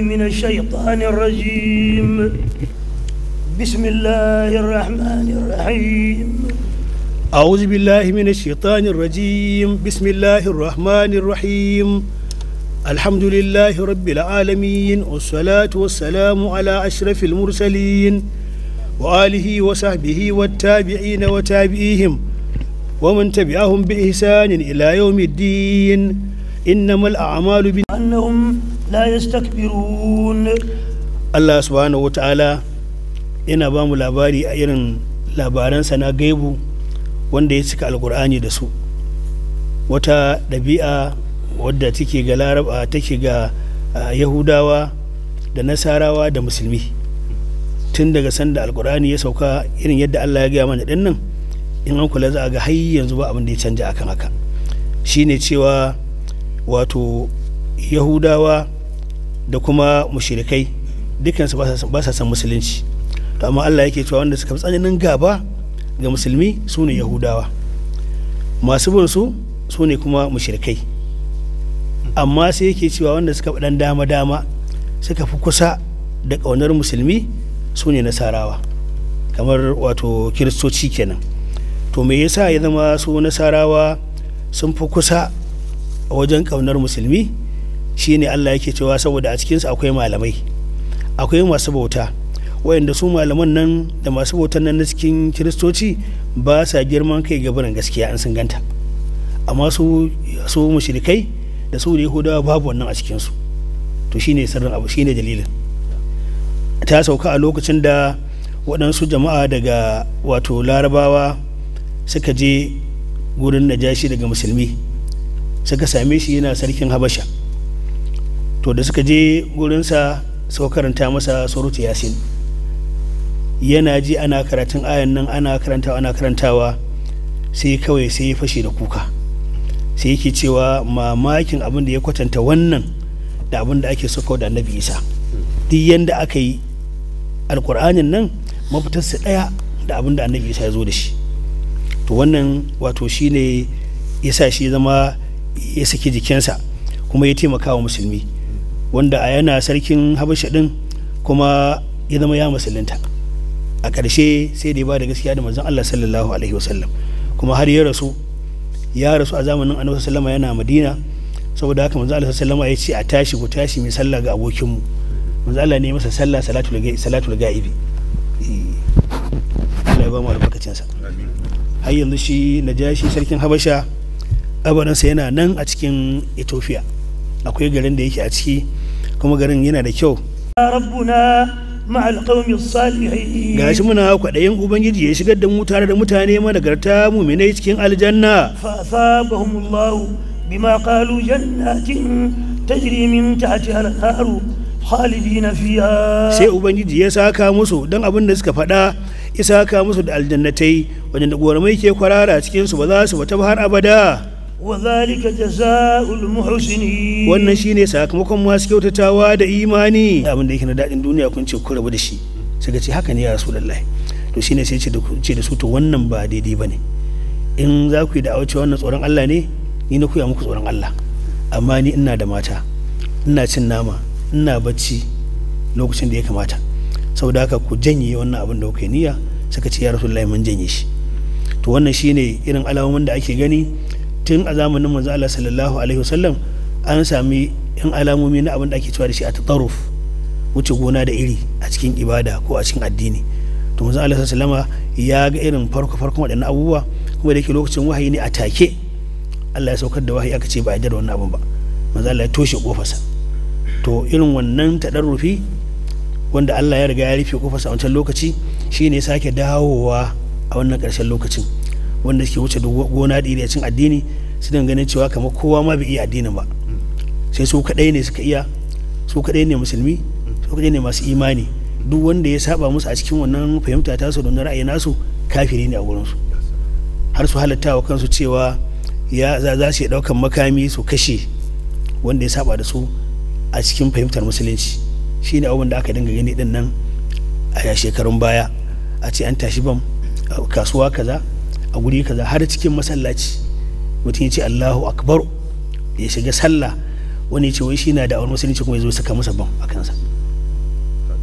من الشيطان الرجيم بسم الله الرحمن الرحيم أعوذ بالله من الشيطان الرجيم بسم الله الرحمن الرحيم الحمد لله رب العالمين والصلاة والسلام على أشرف المرسلين وآله وصحبه والتابعين وتابعيهم ومن تبعهم بإحسان إلى يوم الدين إنما الأعمال بأنهم la yastakbirun Allah subhanahu wata'ala yana ba mu labari a irin labaransa na gaibu wanda ya cika alkur'ani da su wata ɗabi'a wadda take ga laraba take ga yahudawa da nasarawa da musulmi tun daga sanda alkur'ani ya sauka irin yadda allah ya gaya mana din nan in an kula za a ga har yanzu ba abin da ya canja akan haka shine cewa wato yahudawa da kuma mushrikai dukansu ba sa san musulunci to amma Allah yake cewa wanda suka fi tsananin gaba ga musulmi su ne yahudawa masu bin su su ne kuma mushirikai amma sai yake cewa wanda suka dan dama dama suka fi kusa da ƙaunar musulmi su ne nasarawa kamar wato kiristoci kenan to me yasa ya zama su nasarawa sun fi kusa wajen ƙaunar musulmi shine Allah yake cewa saboda a cikinsu akwai malamai akwai masu bauta wayanda su malaman nan da masu bautan nan na cikin kiristoci ba sa girman kai ga gabanin gaskiya an sun ganta amma su su mushrikai da su da hudawa babu wannan a cikinsu to shine sirrin abu shine dalilin ta sauka a lokacin da waɗansu jama'a daga wato larabawa suka je gurin najashi daga musulmi suka same shi yana sarkin habasha to da suka je gurinsa suka karanta masa suratu yasin yana ji ana karatun ayan nan ana karantawa ana karantawa sai kawai sai ya fashe da kuka sai yake cewa mamakin abin da ya kwatanta wannan da abin da ake so da annabi isa duk yanda aka yi alkur'anin nan mafitarsa ɗaya da abin da annabi isa ya zo da shi to wannan wato shi ya sa shi zama ya saki jikinsa kuma ya taimaka wa musulmi wanda a yana sarkin habasha din kuma ya zama ya musulunta a ƙarshe sai da ya ba da gaskiya da manzon Allah sallallahu alaihi wasallam kuma har ya rasu ya rasu a zamanin annabi sallama yana madina saboda haka manzon Allah sallama ya ce a tashi ku tashi mai sallah ga abokinmu manzon Allah ne masa sallah salatul salatul ga'ibi eh, Allah ya ba mu albarkacin sa har yanzu shi najashi sarkin habasha abarinsa yana nan a cikin Ethiopia akwai garin da yake a ciki kuma garin yana da kyau ga shi muna kwaɗayin ubangiji ya shigar da mu tare da mutane managarta muminai cikin aljanna بما قالوا جنات تجري من تحتها الانهار خالدين sai ubangiji ya saka musu don abin da suka faɗa isa saka musu da aljannatai wajen da goramai ke kwarara cikinsu su ba za su bata har abada وذلك جزاء المحسنين sakamakon masu kyautatawa da imani abin da yake na dadin duniya kun ce ku rabu da shi sai haka ne ya lallai to shine sai ce da su to wannan ba daidai ba ne in za ku yi da auce wannan tsoron Allah ne ni na kuya muku tsoron Allah amma ni ina da mata ina cin nama ina bacci lokacin da ya kamata saboda haka ku janye wannan abin da kuka niyya suka ce ya lallai mun janye shi to wannan shine irin alamomin da ake gani tun a zamanin manzo Allah sallallahu alaihi wasallam an sami yan alamomi na abin da ake cewa da shi a tatarruf wuce gona da iri a cikin ibada ko a cikin addini to manzo Allah sallallahu alaihi ya ga irin farko farkon waɗannan abubuwa kuma da ke lokacin wahayi ne a take Allah ya saukar da wahayi aka ce ba a jira wannan abin ba manzo Allah ya toshe kofarsa to irin wannan tadarrufi wanda Allah ya riga ya rufe kofarsa a wancan lokaci shine sake dawowa a wannan ƙarshen lokacin wanda suke wuce gona da iri a cin addini su ganin cewa kamar kowa ma bai iya addinin ba sai su kadai ne suka iya su kadai ne musulmi su kadai ne masu imani duk wanda ya saba musu a cikin wannan fahimta tasu da wannan ra'ayi nasu kafiri ne a wurin su har su halatta wa kansu cewa ya za su ɗaukan makami su kashe wanda ya saba da su a cikin fahimtar musulunci shine abin da aka dinga gani din nan a shekarun baya a ce an tashi bam kasuwa kaza a guri kaza har cikin masallaci mutum ya ce Allahu akbar ya shiga sallah wani ya ce wai shi na da'awar musulunci kuma ya zo saka masa ban a kansa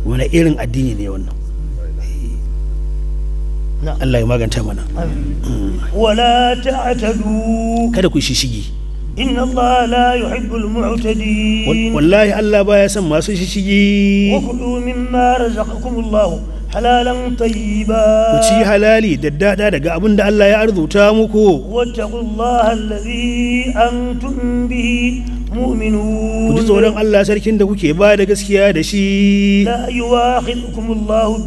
wani irin addini ne wannan Allah ya maganta mana mm. wala ta'tadu kada ku shishigi inna Allah la yuhibbul mu'tadin wallahi Allah baya son masu shishigi wa kulu mimma razaqakum Allah halalan tayyiba ku ci halali da dada daga abin da Allah ya arzuta muku wattaqullaha allazi antum bihi mu'minun ku ji tsoron Allah sarkin da kuke ba da gaskiya da shi la bil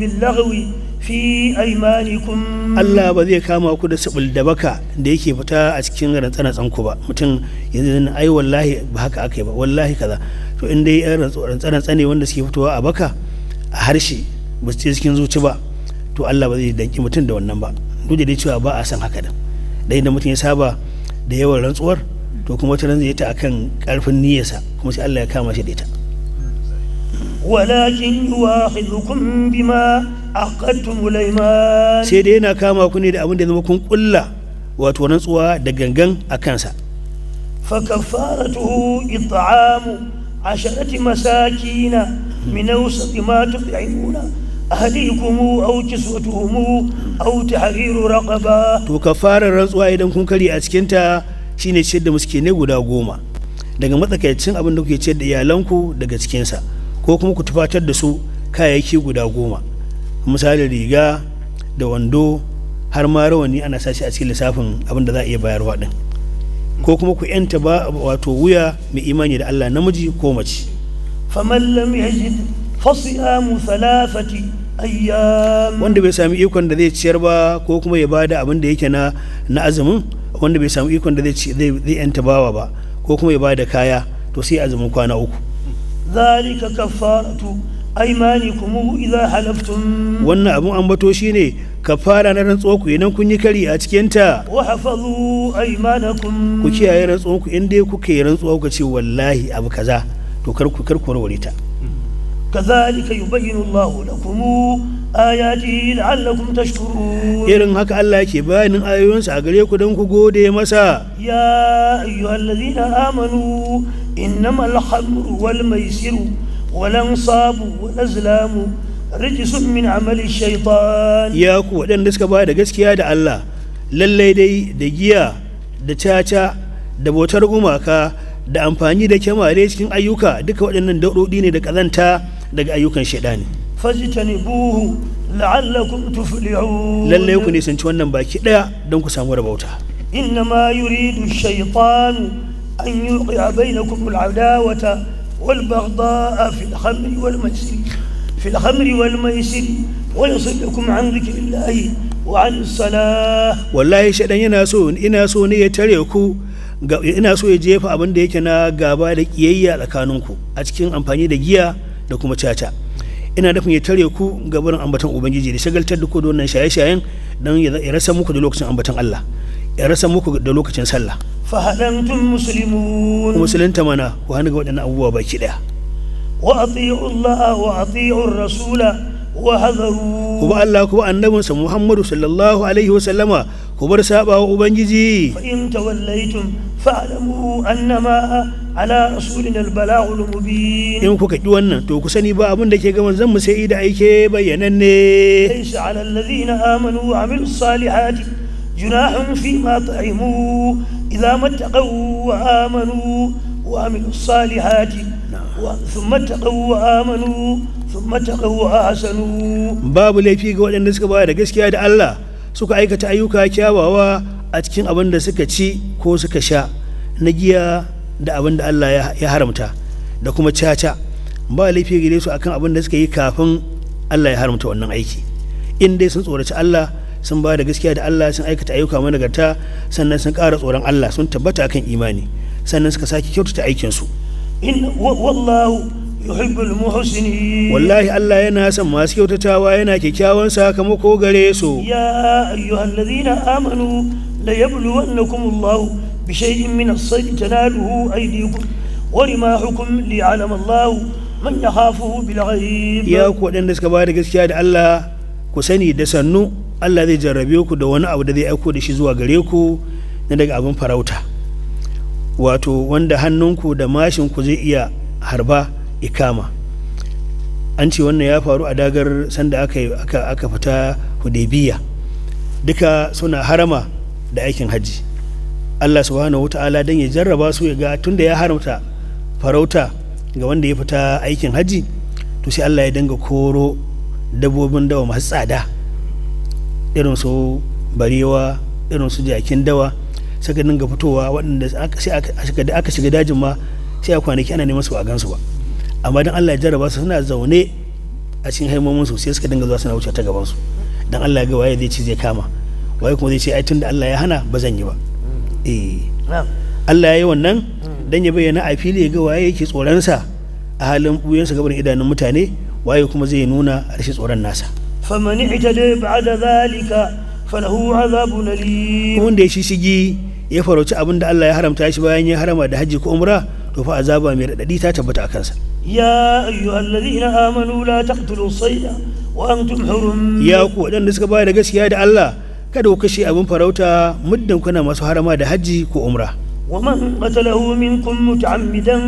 billaghwi fi aymanikum Allah ba zai kama ku da sabul da baka da yake fita a cikin rantsan ku ba mutum yanzu ai wallahi ba haka akai ba wallahi kaza to in dai rantsan ne wanda suke fitowa a baka a harshe ba su ce cikin zuci ba to Allah ba zai danki mutum da wannan ba duk da dai cewa ba a san haka da da mutum ya saba da yawan rantsuwar to kuma wata zai ta akan karfin niyyarsa kuma sai Allah ya kama shi da ita walakin yuwakhidukum bima aqadtum layman sai dai yana kama ku ne da abin da zama kun kulla wato rantsuwa da gangan a kansa fa kafaratuhu it'amu عشرة مساكين من أوسط ما تطعمون ahadikum aw kiswatuhum aw tahriru raqaba to kafarar rantsuwa idan kun kare a cikin ta shine ciyar da ne guda goma daga matsakaicin abin da kuke ciyar da iyalanku daga cikin sa ko kuma ku tufatar da su kayayyaki guda goma misali riga da wando har ma rawani ana sashi a cikin lissafin abin da za a iya bayarwa din ko kuma ku yanta ba wato wuya mai imani da Allah namiji ko mace famallam yajid fasiyamu thalathati wanda bai sami ikon da zai ciyar ba ko kuma ya bada abin da yake na na azumin wanda bai sami ikon da zai zai yanta bawa ba ko kuma ya bada kaya to sai azumin kwana uku zalika kafaratu aymanikum idza halaftum wannan abun ambato shine kafara na rantsuwa ku idan kun yi kari a cikin ta wa hafazu aymanakum ku kiyaye rantsuwa ku in dai kuka yi rantsuwa ku ce wallahi abu kaza to kar ku kar ku warware ta كذلك يبين الله لكم آياته لعلكم تشكرون إرن هكا الله يبين آيون سأقريكو دنك قودي مسا يا أيها الذين آمنوا إنما الحمر والميسر والانصاب والأزلام رجس من عمل الشيطان يا أكو ودن دسك بايدا غسكيا دا الله lallai دي دي giya دي caca da bautar gumaka da amfani da kyamare cikin ayyuka duka waɗannan daudodi ne da ƙazanta daga ayyukan shaidani fajtanibuhu la'allakum tuflihun lalle ku ci wannan baki ɗaya don ku samu rabauta inna ma yuridu shaytanu an yuqi'a bainakum al'adawata wal baghdha'a fil khamri wal maisir fil khamri wal maisir wa yusaddakum an dhikrillahi wa an salah wallahi shaidan yana so ina so ne ya tare ku ina so ya jefa abin da yake na gaba da kiyayya tsakaninku a cikin amfani da giya da kuma caca ina nufin ya tare ku ga wurin ambaton ubangiji da shagaltar da ku da wannan shaye-shayen don ya rasa muku da lokacin ambaton Allah ya rasa muku da lokacin sallah fa halantum muslimun musulunta mana ku hannu ga waɗannan abubuwa baki daya wa atiyu Allah wa atiyu rasula wa hazaru ku ba Allah ku ba annabinsa Muhammadu sallallahu alaihi wasallama ku bar saba wa ubangiji fa in tawallaitum fa'lamu annama ala rasulina al-balaghul mubin in kuka ki wannan to ku sani ba abin da ke ga zan mu sai da aike bayyananne laysa ala alladhina amanu wa amilus salihati junahun fi ma ta'imu idza mattaqaw wa amanu wa amilus salihati ثم اتقوا amanu. babu laifi ga waɗanda suka bayar da gaskiya da Allah suka aikata ayyuka kyawawa a cikin abin da suka ci ko suka sha na giya da abin da Allah ya haramta da kuma caca ba laifi gare su akan abin da suka yi kafin Allah ya haramta wannan aiki in dai sun tsoraci Allah sun ba da gaskiya da Allah sun aikata ayyuka managarta sannan sun ƙara tsoron Allah sun tabbata akan imani sannan suka sake kyautata aikinsu in wallahu yuhibbul muhsini wallahi Allah yana son masu kyautatawa yana kyakkyawan sakamako gare su ya ayyuhallazina amanu la yabluwannakum Allah bi shay'in min as-sayd tanaluhu aydikum wa rimahukum li'alama Allah man yakhafuhu bil ghaib ya ku wadanda suka bada gaskiya da Allah ku sani da sannu Allah zai jarrabe ku da wani abu da zai aiko da shi zuwa gare ku na daga abin farauta wato wanda hannunku da mashinku zai iya harba ikama an ce wannan ya faru a dagar sanda aka aka aka fita hudaybiya duka suna harama da aikin hajji Allah subhanahu wata'ala dan ya jarraba su ya ga tunda ya haramta farauta ga wanda ya fita aikin hajji to sai Allah ya danga koro dabbobin dawa masu tsada irin su barewa irin su jakin dawa saka dinga fitowa waɗanda aka shiga dajin ma sai a kwanaki ana neman su a gansu ba amma dan Allah ya jarraba su suna zaune a cikin haimomin su sai suka dinga zuwa suna wuce ta gaban su dan Allah ya ga waye zai ci zai kama waye kuma zai ce ai tunda Allah ya hana ba zan yi ba eh Allah ya yi wannan dan ya bayyana a fili ya ga waye yake tsoron sa a halin buyan sa gaban idanun mutane waye kuma zai nuna rashin tsoron nasa faman ijtale ba'da zalika falahu azabun alim wanda ya shishigi ya farauci abin da Allah ya haramta shi bayan ya harama da haji ko umra to fa azaba mai radadi ta tabbata a kansa ya ayyuhallazina amanu la taqtulu sayda wa antum hurum ya ku wadanda suka bayar da gaskiya da Allah kada ku kashe abin farauta muddin kuna masu harama da haji ko umra wa man qatalahu minkum mutaammidan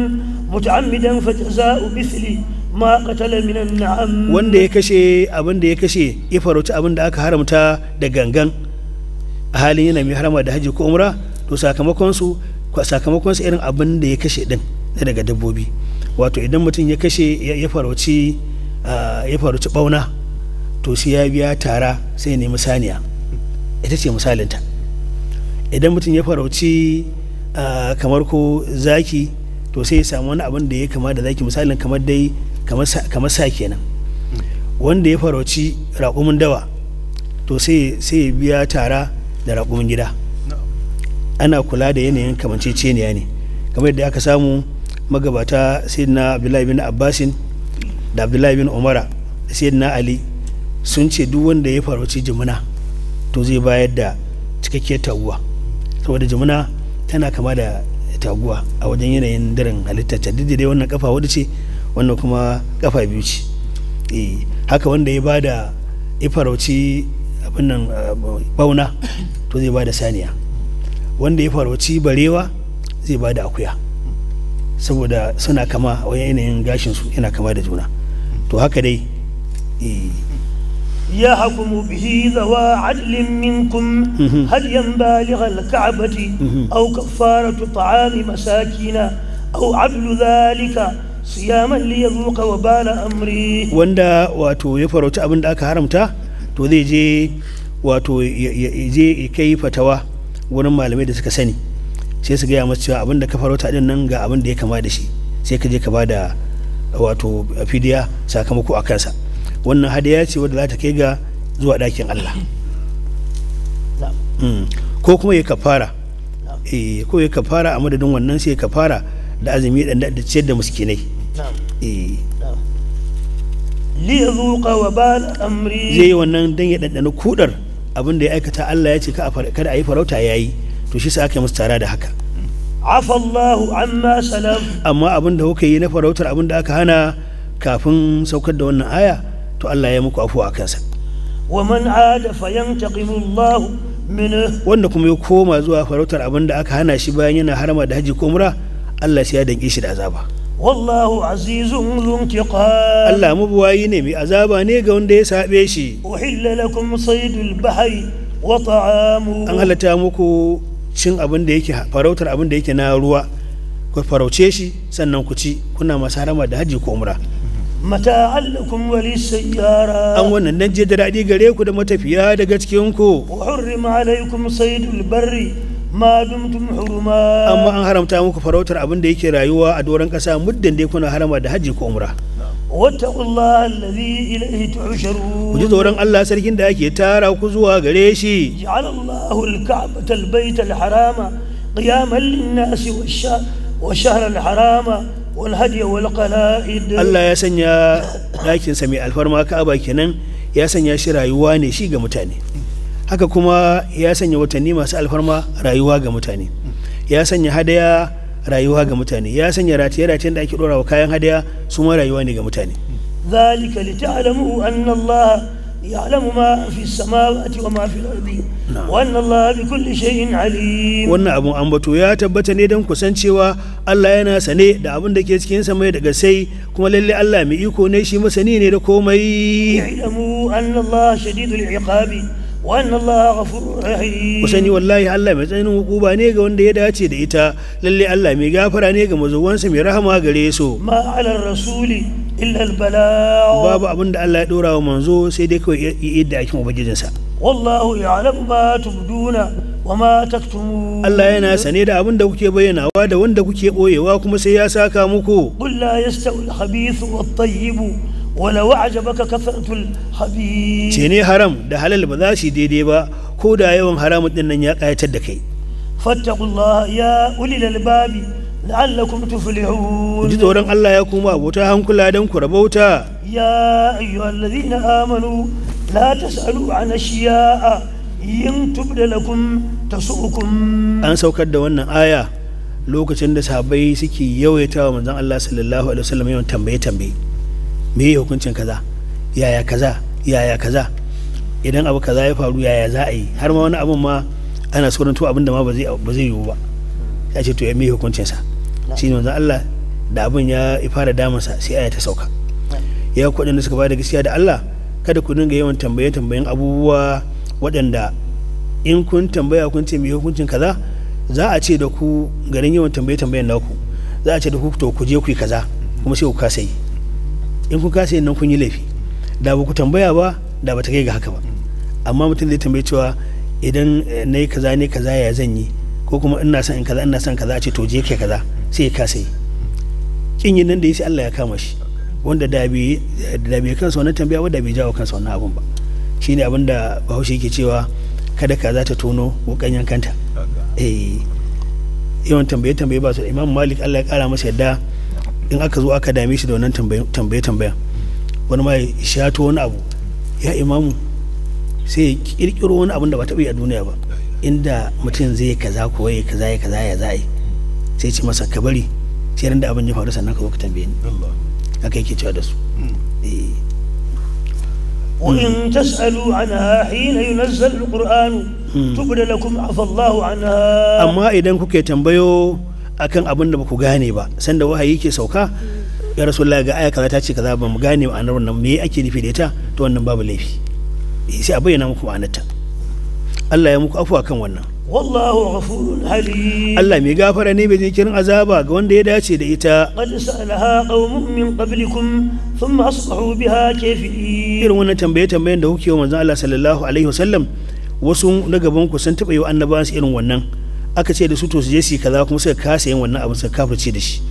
mutaammidan fa jazaa'u مثل ma qatala minan na'am wanda ya kashe abin da ya kashe ya farauci abin da aka haramta da gangan a halin yana mai harama da haji ko umra to sakamakon su sakamakon sa irin abin da ya kashe din na daga dabbobi wato idan mutum ya kashe ya farauci ah, ya faruci bauna to sai ya biya tara sai nemi saniya ita ce misalinta idan mutum ya farauci ah, kamar ko zaki to sai ya samu wani abin da ya kama da zaki misalin kamar dai kamar sa kenan wanda ya farauci raƙumin dawa to sai ya biya tara da raƙumin gida ana kula da yanayin kamanceceniya ne kamar yadda aka samu magabata sayyidina abdullahi bin abbasin da abdullahi bin umara da sayyidina ali sun ce duk wanda ya farauci jimina to zai bayar da cikakkiyar taguwa saboda jimina tana kama da taguwa a wajen yanayin daren halittar ta duk dai wannan kafa wadda ce wannan kuma kafa biyu ce eh, haka wanda ya bada ya farauci abin nan eh, bauna to zai bada saniya wanda ya faru farauci barewa zai ba akuya saboda suna kama a yanayin gashinsu yana kama da juna to haka dai eh. ya hakumu bihi zawa adlin minkum mm-hmm. hadiyan baligha alka'bati mm-hmm. aw kafaratu ta'ami masakina aw adlu dhalika siyaman liyadhuqa wa bala amri wanda wato ya farauci abin da aka haramta to zai je wato ya je kai fatawa wurin malamai da suka sani sai su gaya masu cewa abin da ka farauta din nan ga abin da ya kama da shi sai ka je ka bada wato fidiya sakamako a kansa wannan hadiya ce wadda za ta kai ga zuwa ɗakin Allah mm. ko kuma ya kafara eh ko ya kafara a madadin wannan sai ya kafara da azumi da da ciyar da miskinai eh li yazuqa amri zai wannan dan ya dandana kudar abin da ya aikata Allah ya ce kada a yi farauta ya yi to shi sa aka yi musu tara da haka afallahu amma salam amma abin da kuka yi na farautar abin da aka hana kafin saukar da wannan aya to Allah ya muku afuwa kansa wa man ada fayantaqimu Allah minhu wanda kuma ya koma zuwa farautar abin da aka hana shi bayan yana harama da haji ko umra Allah sai ya danke shi da azaba wallahu azizun dhu intiqam Allah mabuwayi ne mai azaba ne ga wanda ya sabe shi uhilla lakum saydul bahri wa ta'amu an halatta muku cin abin da yake farautar abin da yake na ruwa ku farauce shi sannan ku ci kuna masu harama da haji ko umra mata'an lakum wa lisayyara an wannan dan je da daɗi gare ku da matafiya daga cikin ku uhurrima hurrima alaykum saydul barri ma dumtum huruma amma an haramta muku farautar abin da yake rayuwa a doron kasa muddin dai kuna harama da hajji ko umra wattaqullaha alladhi ilayhi tuhsharun ku ji tsoron Allah sarkin da ake tara ku zuwa gare shi ja'alallahu al-ka'bata al harama qiyaman lin-nasi wash-shahra al-harama والهدي والقلائد allah ya sanya ɗakinsa mai alfarma ka'aba kenan ya sanya shi rayuwa ne shi ga mutane haka kuma ya sanya watanni masu alfarma rayuwa ga mutane ya sanya hadaya rayuwa ga mutane ya sanya ratiye ratiye da ake dora wa kayan hadaya su ma rayuwa ne ga mutane zalika lita'lamu anna Allah ya'lamu ma fi samawati wa ma fi al-ardi wa anna Allah bi kulli shay'in alim wannan abun ambato ya tabbata ne don kusancewa Allah yana sane da abin da ke cikin samai daga sai kuma lalle Allah mai iko ne shi masani ne da komai ya'lamu anna Allah shadidul iqabi wannan Allah ghafur rahim ku sani wallahi Allah mai tsayin hukuba ne ga wanda ya dace da ita lallai Allah mai gafara ne ga mazuwansa mai rahama gare su ma rasuli illa al balaa babu abin da Allah ya dora wa manzo sai dai kawai yadda ake ubangijin sa wallahu ya'lamu ma tubduna wa ma taktumu Allah yana sane da abin da kuke bayyanawa da wanda kuke boyewa kuma sai ya saka muku qul la yastawi al khabith wa at wala wa'ajabaka kasratul habib ce ne haram da halal ba za su daidai ba ko da yawan haramun din nan ya kayatar da kai fattaqullaha ya da albabi la'allakum tuflihun ji tsoron Allah ya kuma abota hankula dan ku rabauta ya ayyuhallazina amanu la tasalu an ashiya'a in tubda lakum tasukum an saukar da wannan aya lokacin da sahabbai suke yawaita wa manzon Allah sallallahu alaihi wasallam yawan tambaye tambaye me ya hukuncin kaza yaya kaza yaya kaza idan abu kaza ya faru yaya za a yi har ma wani abun ma ana sauran to abin da ma ba zai yiwu ba ya ce to ya me hukuncin sa shi ne Allah da abin ya fara sa sai aya ta sauka ya kuɗin da suka bada gaskiya da Allah kada ku dinga yawan tambaye tambayen abubuwa waɗanda in kun tambaya kun ce mai hukuncin kaza za a ce da ku garin yawan tambaye tambayen naku za a ce da ku to ku je ku yi kaza kuma sai ku kasa yi in kun kasa yin nan kun yi laifi da ba ku tambaya ba da ba ta kai ga haka ba amma mutum zai tambaye cewa idan eh, na yi kaza ne kaza ya zan yi ko kuma ina son in kaza ina son kaza a ce to je ke kaza sai ya kasa yi kin yi nan da ya sai Allah ya kama shi wanda da bai da bai kansa wannan tambaya ba da bai jawo kansa wannan abun ba shine abin da Bahaushe yake cewa kada kaza ta tono wukan kanta eh yawan tambaye tambaye ba su Imam Malik Allah ya kara masa yadda in aka zo aka dame shi da wannan tambaye tambaya wani ma ya shato wani abu ya imamu sai ya kirkiro wani abun da ba taɓa yi a duniya ba inda mutum zai yi kaza ko yi kaza ya kaza ya za'a sai ce masa ka bari sai ran da abin ya faru sannan ka zo ka tambaye ni haka yake cewa da su وإن تسألوا عنها حين ينزل القرآن تبدل لكم عفى الله عنها أما إذا كنت تنبيو akan abin da baku gane ba sanda wahayi yake sauka ya rasulullahi ga aya kaza ta ce kaza ba mu gane ma'anar wannan me ake nufi da ita to wannan babu laifi eh, sai a bayyana muku ma'anarta Allah ya muku afuwa kan wannan wallahu ghafurun halim Allah mai gafara ne bai kirin azaba ga wanda ya dace da ita qad sa'alaha qaumun min qablikum thumma asbahu biha kafirin irin wannan tambaye tambayen da kuke wa manzon Allah sallallahu alaihi wasallam wasu na gaban ku sun taba yi annabawan irin wannan aka ce da su to su je su kaza kuma suka kasa yin wannan abin suka kafirce da shi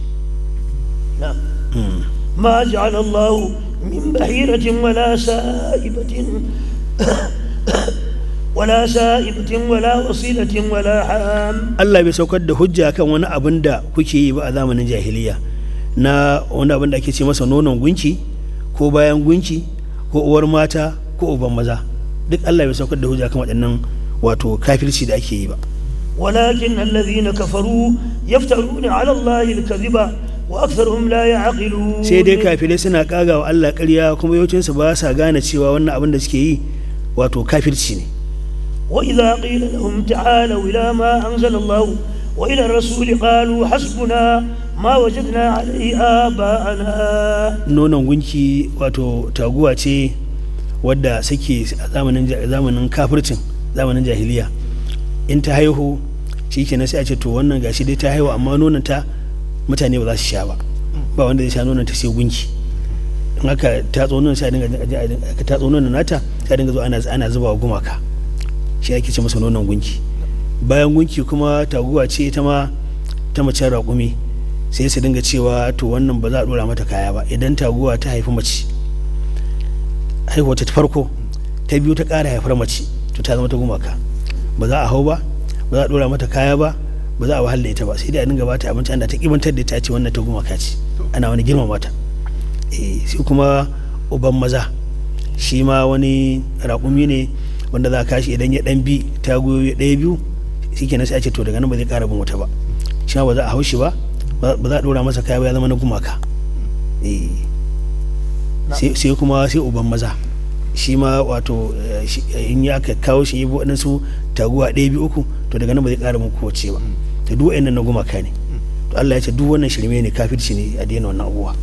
hmm. ma ja'ala Allah min bahiratin wala sa'ibatin wala sa'ibatin wala wasilatin wala ham Allah bai saukar da hujja kan wani abin da kuke yi ba a zamanin jahiliya na wani abin da ake ce masa nonon gunki ko bayan gunki ko uwar mata ko uban maza duk Allah bai saukar da hujja kan waɗannan wato kafirci da ake yi ba ولكن الذين كفروا يفترون على الله الكذب وأكثرهم لا يعقلون sai dai kafirai suna kaga wa Allah ƙarya kuma yawancinsu basa gane cewa wannan abin da suke yi wato kafirci ne وإذا قيل لهم تعالوا إلى ما أنزل الله وإلى الرسول قالوا حسبنا ما وجدنا عليه آباءنا nonon gunki wato taguwa ce wadda suke a zamanin kafircin zamanin jahiliya in ta haihu shi na sai a ce to wannan gashi dai ta haihu amma nonon ta mutane ba za su sha ba ba wanda zai sha nonon ta sai gunki in aka tatso nonon sai a dinga aka tatso nonon nata sai dinga zo ana ana zuba wa gumaka shi ake ce masa nonon gunki bayan gunki kuma taguwa ce ita ma ta mace raƙumi sai su dinga cewa to wannan ba za a dora mata kaya ba idan taguwa ta haifi mace haihuwa ta farko ta biyu ta ƙara haifar mace to ta zama ta gumaka ba za a hau ba ba za a dora mata kaya ba ba za a wahala ita ba sai dai a dinga ta abinci ana ta kibantar da ta ce wannan ta gumaka ce ana wani girmamata mata eh sai kuma uban maza shi ma wani raƙumi ne wanda za a kashi idan ya dan bi ta goyo ɗaya biyu shi kenan sai a ce to daga nan ba zai ƙara bin wata ba shi ba za a haushi ba ba za a ɗora masa kaya ba ya zama na gumaka eh. sai kuma sai uban maza Eh, shi ma eh, wato in ya aka kawo shi yi waɗansu taguwa ɗaya biyu uku to daga nan ba zai ƙara muku kowace ba mm. to duk wa'annan na gumaka ne mm. to Allah ya ce duk wannan shirme ne shi ne a daina wannan abubuwa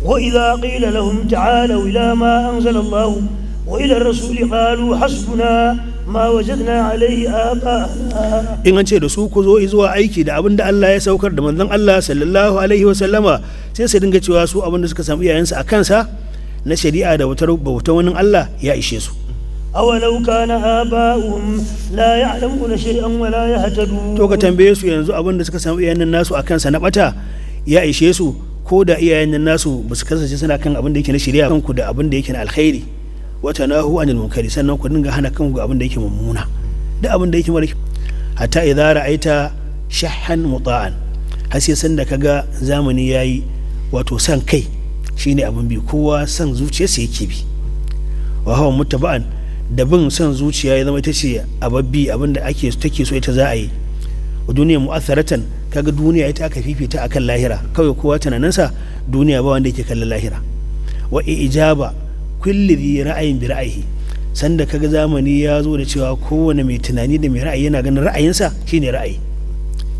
وإذا قيل لهم تعالوا إلى ما أنزل الله وإلى الرسول قالوا حسبنا ما وجدنا عليه In an ce da su ku zo zuwa aiki da abin da Allah ya saukar da manzon Allah sallallahu alaihi wa sallama sai su dinga cewa su abin da suka samu iyayensu a kansa na shari'a da bautar wani Allah ya ishe su awalau kana aba'um la ya'lamuna shay'an wa la yahtadun to ka tambaye su yanzu abin da suka samu iyayen nasu akan sa na bata ya ishe su ko da iyayen nasu ba su kasance suna kan abin da yake na shari'a kanku da abin da yake na alkhairi wa tanahu anil munkari sannan ku dinga hana kanku ga abin da yake mummuna da abin da yake mara hatta idza ra'aita shahhan muta'an har sai san da kaga zamani yayi wato san kai shine abin bi kowa son zuciyarsa yake bi wa hawa mutaba'an da bin son zuciya ya zama ita ce ababbi abin da ake take so ita za a yi wa duniya mu'atharatan kaga duniya ita aka fifita akan lahira kawai kowa tunaninsa duniya ba wanda yake kallon lahira wa ijaba kulli dhi ra'ayin bi ra'ayi sanda kaga zamani ya zo da cewa kowane mai tunani da mai ra'ayi yana ganin ra'ayinsa shine ra'ayi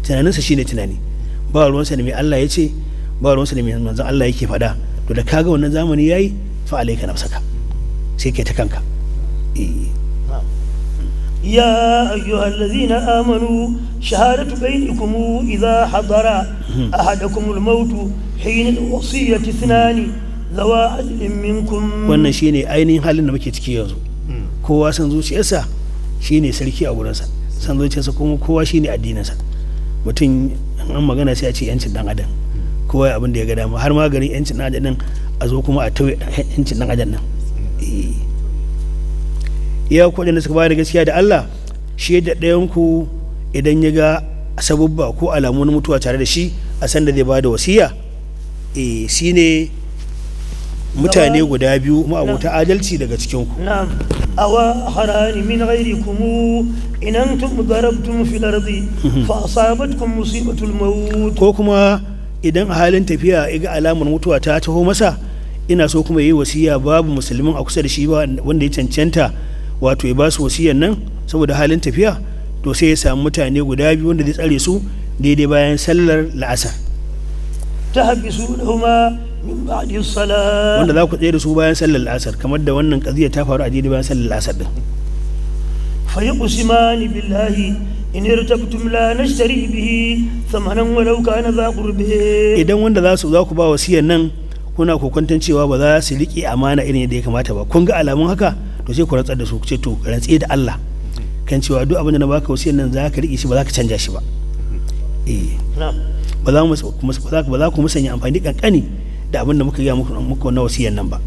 tunaninsa shine tunani ba ruwansa da mai Allah ya ce ba ruwansa da mai manzon Allah yake faɗa to da kaga wannan zamani yayi fa alayka saka sai kai ta kanka يا أيها الذين آمنوا شهادة بينكم إذا حضر أحدكم الموت حين الوصية اثنان ذوى عدل منكم wannan shine ainihin halin da muke ciki yanzu hmm. kowa san zuciyarsa shine sarki a gurinsa san zuciyarsa kuma kowa shine addininsa mutum an magana sai a ce yancin dan adam kowa abin da ya ga dama har ma garin yancin dan adam a zo kuma a tauye yancin dan adam nan eh. ya kuɗin da suka bayar gaskiya da Allah shi da ɗayan ku idan ya ga sabubba ko alamu na mutuwa tare da shi a san da zai ba da wasiya e shi ne mutane guda biyu abota adalci daga cikinku awa harani min ghairikum in antum darabtum fil ardi fa asabatkum musibatul maut ko kuma idan a halin tafiya iga alamar mutuwa ta taho masa ina so kuma yi wasiya babu musulmin a kusa da shi ba wanda ya cancanta wato ya ba su wasiyan nan saboda halin tafiya to sai ya samu mutane guda biyu wanda zai tsare su daidai bayan sallar la'asar ta habisu lahuma min ba'di salat wanda za ku tsaye da su bayan sallar la'asar kamar da wannan kaziya ta faru a daidai bayan sallar la'asar din fa yuqsimani billahi in irtabtum la nashtari bihi thamanan walau kana za qurbi idan wanda za su za ku ba wasiyar nan kuna kokantan cewa ba za su riƙe amana irin yadda ya kamata ba kun ga alamun haka to sai ku rantsar da su ku ce to rantsi da Allah kan cewa duk abin da na baka wasiyar nan za ka riƙe shi ba za ka canja shi ba eh ba za ku ba za ku musanya amfani da kankani da abin da muka yi muku na wasiyar nan ba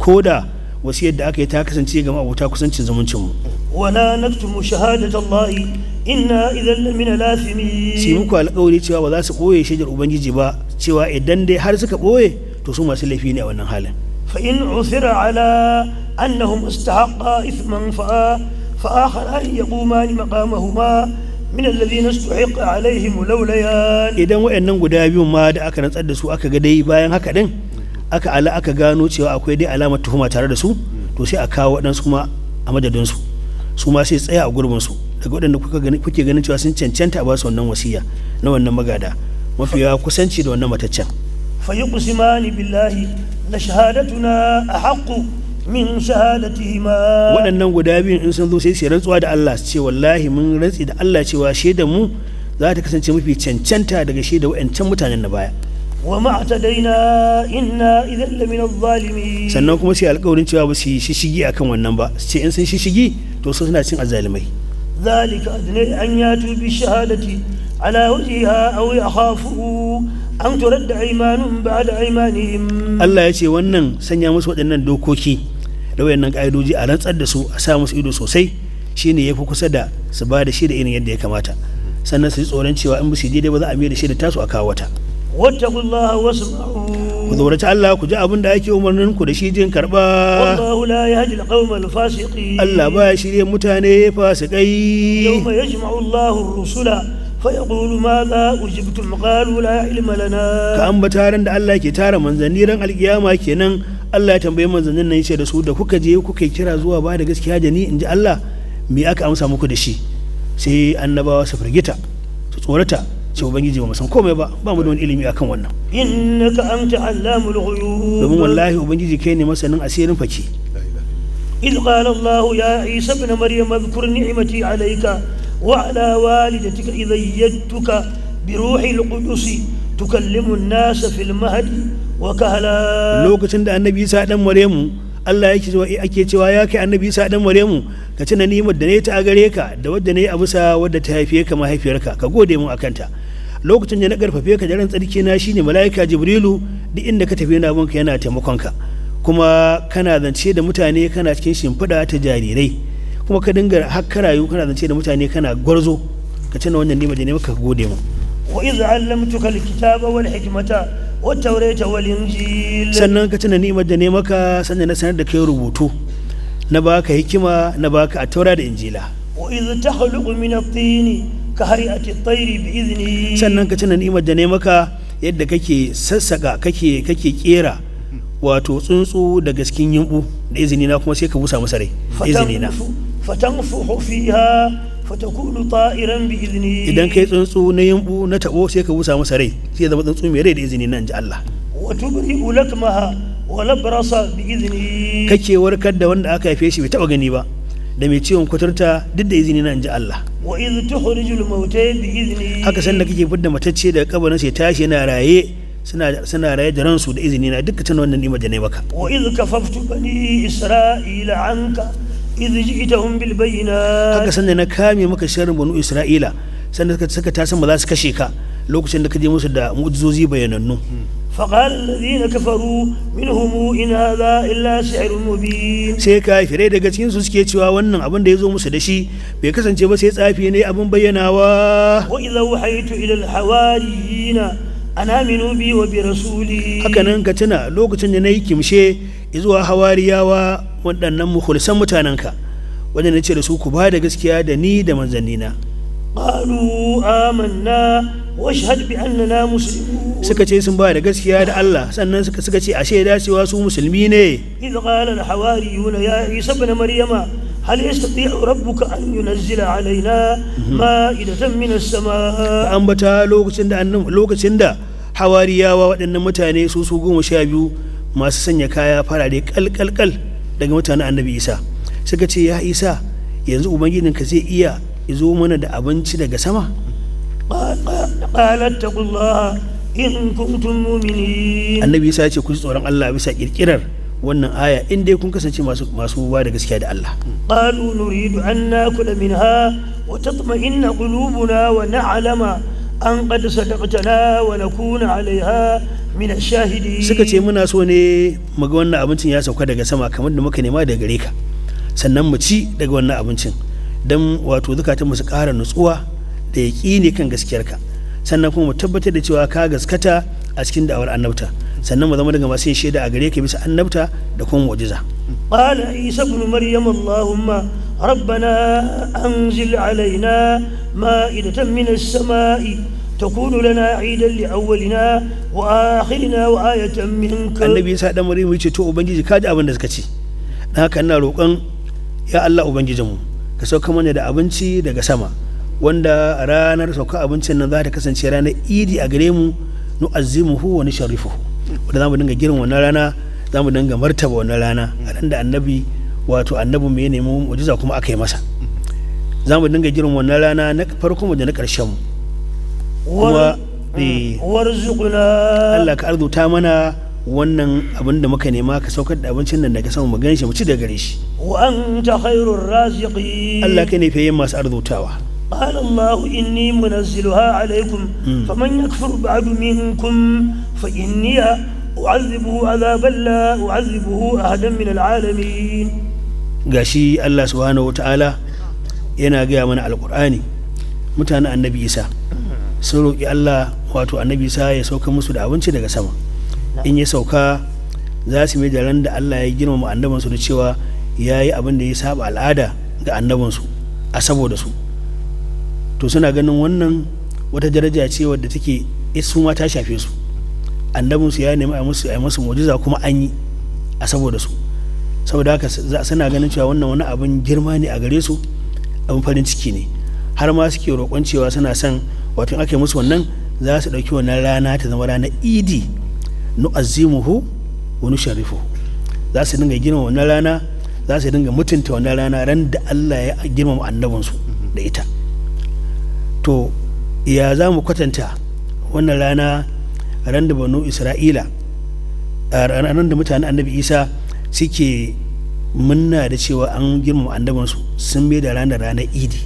ko da wasiyar da aka yi ta kasance ga abota kusancin zumuncin mu ولا نكتم شهادة الله إنا إذا لمن الآثمين سيمكو القول cewa ba za su koye shaidar ubangiji ba cewa idan dai har suka koye to su masu laifi ne a wannan halin fa in usira ala annahum istahaqqa ithman fa فآخران يقومان مقامهما من الذين استحق عليهم لوليان idan wayannan guda biyun ma da aka rantsar da su aka ga dai bayan haka din aka aka gano cewa akwai dai alamar tuhuma tare da su to sai a kawo waɗansu kuma a madadin su su ma sai tsaya a gurbin su daga waɗanda kuke ganin cewa sun cancanta a basu wannan wasiya na wannan magada mafi yawa kusanci da wannan mataccen fa yuqsimani billahi la shahadatuna haƙƙu min shahadatihima waɗannan guda biyun in sun zo sai su rantsuwa da Allah su ce wallahi mun rantsi da Allah cewa shaidar mu za ta kasance mafi cancanta daga shaidar wa'ancan mutanen na baya wa وما inna idan إذا لمن الظالمين sannan kuma sai alƙawarin cewa ba su yi shishigi akan wannan ba sai in sun shishigi to su suna cin azalimai zalika adnai an ya tubi shahadati ala aw yakhafu an turadda aymanuhum ba'da aymanihim Allah ya ce wannan sanya musu waɗannan dokoki da wayannan ka'idoji a rantsar da su a sa musu ido sosai shine yafi kusa da su ba da shi da irin yadda ya kamata sannan su yi tsoron cewa in ba su daidai ba za a mai da shi da tasu a kawo wata واتقوا الله واسمعوا ودورة الله da أبن دايكي ومرنن كدشي جن كربا والله لا يهدي القوم الفاسقين الله باشر متاني فاسقين يوم يجمع الله الرسل فيقول ماذا أجبتم قالوا لا علم لنا كأن بتارن da Allah ke tara manzanni ran alkiyama kenan Allah ya tambayi manzannin nan yace da su da kuka je kuka kira zuwa bada da gaskiya da ni inji Allah me aka amsa muku da shi sai annabawa su firgita su tsorata ce ubangiji ba musan komai ba ba mu da wani ilimi akan wannan innaka anta allamul ghuyub domin wallahi ubangiji kai ne masanin asirin fake إذ قال الله يا عيسى ابن مريم اذكر نعمتي عليك وعلى والدتك إذ أيدتك بروح القدس تكلم الناس في المهد وكهلا لوكتن النبي سعد مريم Allah yake cewa ake cewa ya kai annabi Isa dan Maryamu ka na ni'imar da ne ta gare ka da wadda ne a bisa wadda ta haife ka mahaifiyarka ka gode mu akan ta lokacin da na karfafe ka jaran tsarki na shine mala'ika Jibrilu duk inda ka tafi yana bunka yana taimakon ka kuma kana zance da mutane kana cikin shimfiɗa ta jarirai kuma ka dinga har rayu kana zance da mutane kana gwarzo ka na wannan ni'imar da ne maka gode mu wa iza allamtuka alkitaba wal hikmata sannan ka tuna ni'imar da ne maka sannan na sanar da kai rubutu na baka hikima na baka a taura da injila wa min at ka hay'ati at bi sannan ka tuna ni'imar da ne maka yadda kake sassaka kake kake kera wato tsuntsu da gaskin yimbu da izini na kuma sai ka busa masa rai izini na fatanfuhu fiha fatakunu ta'iran bi izini idan kai tsuntsu na yimbu na tabo sai ka busa masa rai sai zama tsuntsu mai rai da izini nan ji Allah wa tubri ulakmaha wa labrasa bi izini kake warkar da wanda aka haife shi bai taba gani ba da mai ciwon kwatarta duk da izini nan ji Allah wa iz tukhrijul mauta bi izni haka sanda kake fidda matacce daga kabarin sai tashi yana raye suna suna raye da ransu da izini na duka tana wannan nima da ne maka wa iz kafaftu bani isra'ila anka idh ji'tahum bil bayyinat sanda na kame maka sharrin banu isra'ila sanda suka tasan ba za su kashe ka lokacin da ka je musu da mu'jizozi bayanannu فقال الذين كفروا منهم إن هذا إلا سحر مبين sai kafirai daga cikin su suke cewa wannan abin da ya zo musu da shi bai kasance ba sai tsafi ne abin bayyanawa wa idza wahaytu ila al-hawariyina an aminu bi wa bi rasuli hakanan ka tuna lokacin da nayi kimshe izuwa hawariyawa waɗannan mukhlisan mutanenka wajen ce da su ku ba da gaskiya da ni da manzannina ƙalu amanna wa shahad annana musulmi. suka ce sun ba da gaskiya da Allah sannan suka ce ashe dacewa su musulmi ne idh qala na ya isa maryama hal yastati' rabbuka an yunzila alaina mhm. ma'idatan min sama. an bata lokacin da lokacin da hawariyawa waɗannan mutane su su goma sha biyu masu sanya kaya farare kalkalkal daga mutane annabi isa suka ce ya isa yanzu ubangijinka zai iya zo mana da abinci daga sama annabi isa ce ku tsoron allah bisa kirkirar wannan aya in dai kun kasance masu ba da gaskiya da Allah qalu nuridu an nakula minha wa tatma'inna qulubuna wa alama an qad sadaqtana wa kuna alaiha suka ce muna so ne mu wannan abincin ya sauka daga sama kamar da muka nema daga gare ka sannan mu ci daga wannan abincin don wato zukatan musu su ƙara nutsuwa da ya ne kan gaskiyarka sannan kuma mu tabbatar da cewa ka gaskata a cikin da'awar annabta sannan mu zama daga masu yin shaida a gare ka bisa annabta da kuma mu'jiza qala isa ibn maryam allahumma rabbana anzil alaina ma'idatan mina sama'i تكون لنا عيدا لأولنا وآخرنا وآية منك النبي صلى الله عليه وسلم تو أبنجي كاد أبن دسكتي haka ina roƙon ya Allah mu. ka sauka mana da abinci daga sama wanda ranar sauka abincin nan za ta kasance ranar idi a gare mu nu'azzimuhu wa nusharrifuhu wanda za mu dinga girin wannan rana za mu dinga martaba wannan rana a da annabi wato annabi mai nemo mu'jiza kuma aka yi masa za mu dinga girin wannan rana na farkon mu da na karshen mu kuma mm, eh, Allah ka mana wannan abin da muka nema ka saukar da abincin nan daga sama mu shi mu ci da gare shi wa anta khairur raziqi Allah kai ne fiye masu arzutawa قال inni إني منزلها عليكم فمن يكفر بعد منكم فإني أعذبه عذابا لا أعذبه أحدا من العالمين gashi Allah subhanahu wataala yana gaya mana alqur'ani mutanen annabi Isa sun roƙi Allah wato annabi sa ya sauka musu da abinci daga sama in ya sauka za su mai da ran da Allah ya girmama annabansu da cewa ya yi abin da ya saba al'ada ga annabansu a saboda su to suna ganin wannan wata daraja ce wadda take eh, su ma ta shafe su annabinsu ya nemi a musu a musu mujiza kuma an yi a saboda su saboda haka suna ganin cewa wannan wani abin girma ne a gare su abin farin ciki ne har ma suke roƙon cewa suna son wato ake musu wannan za su ɗauki wannan rana ta zama rana idi nu azimuhu wa nu sharifu za su dinga girma wannan rana za su dinga mutunta wannan rana ran da Allah ya girmama annabansu da ita to ya za mu kwatanta wannan rana ran da banu isra'ila ran da mutanen annabi isa suke munna da cewa an girmama annabinsu sun mai da ranar ranar idi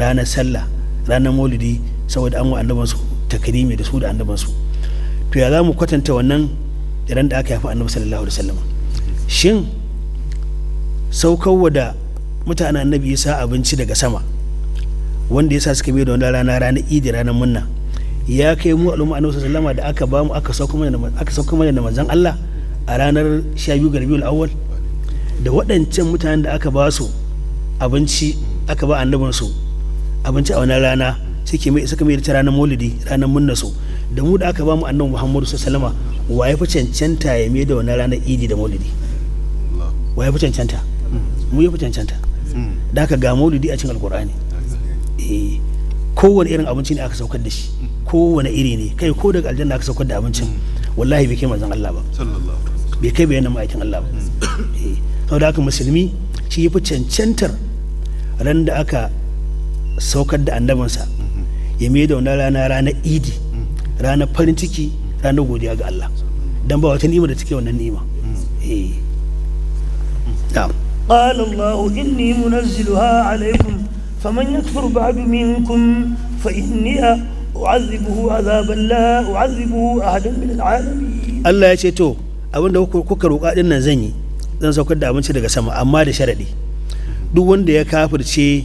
ranar sallah ranar maulidi saboda an wa su takrimi da su da su to ya za mu kwatanta wannan idan da aka yafi annabi sallallahu alaihi wasallam shin saukarwa da mutanen annabi ya sa abinci daga sama wanda ya sa suka bai da wannan rana ranar idi ranar munna ya kai mu al'umma annabi sallallahu alaihi wasallam da aka ba mu aka sauko mana aka sauko mana da manzon Allah a ranar 12 ga Rabiul Awwal da waɗancan mutanen da aka ba su abinci aka ba annabin su abinci a wannan rana suke mai suka mai ta ranar maulidi ranar munna so da mu da aka ba mu annabi muhammadu sallama wa ya fi cancanta ya mai da wannan ranar idi da maulidi wa ya fi cancanta mu ya fi cancanta da aka ga maulidi a cikin alkur'ani eh, kowane irin abinci ne aka saukar da shi kowane iri ne kai ko daga aljanna aka saukar da abincin wallahi bai kai manzon Allah ba bai kai bayanan ma'aikin Allah ba eh, saboda haka musulmi shi ya fi cancantar ran da aka saukar da annabinsa ya mai da wannan rana ranar idi ranar farin ciki ranar godiya ga Allah don ba wata ni'ima da take wannan ni'ima قال الله إني منزلها عليكم فمن يكفر بعد منكم فإني أعذبه عذابا لا أعذبه أحدا من العالمين الله abin da kuka roƙa din nan zan yi zan saukar da abinci daga sama amma da sharaɗi duk wanda ya kafirce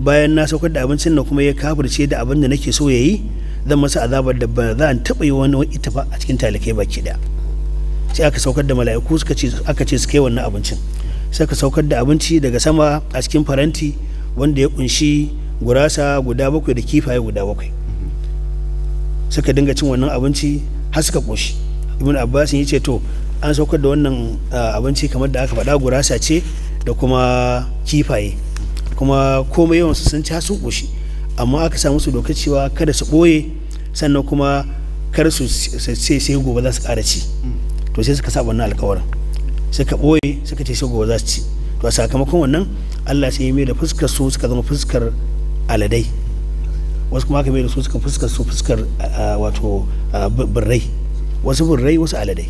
bayan na saukar da abincin nan kuma ya kafirce da abin da nake so yayi zan masa azabar da ba za taɓa yi wani ita ba a cikin ba baki daya sai aka saukar da mala'iku suka ce aka ce su kai wannan abincin sai aka saukar da abinci daga sama a cikin faranti wanda ya kunshi gurasa guda bakwai da kifaye guda bakwai suka dinga cin wannan abinci har suka koshi ibn abbas ya ce to an saukar da wannan ah, abinci kamar da aka faɗa gurasa ce da kuma kifaye kuma komai yawansu sun ci sun ƙoshi amma aka samu su dokar cewa kada su ɓoye sannan kuma kar su sai sai gobe za su ƙara ci to sai suka sa wannan alkawarin suka ɓoye suka ce sai gobe za su ci to a sakamakon wannan Allah sai ya mai da fuskar su suka zama fuskar aladai wasu kuma aka mai da su suka fuskar su fuskar wato birrai wasu birrai wasu aladai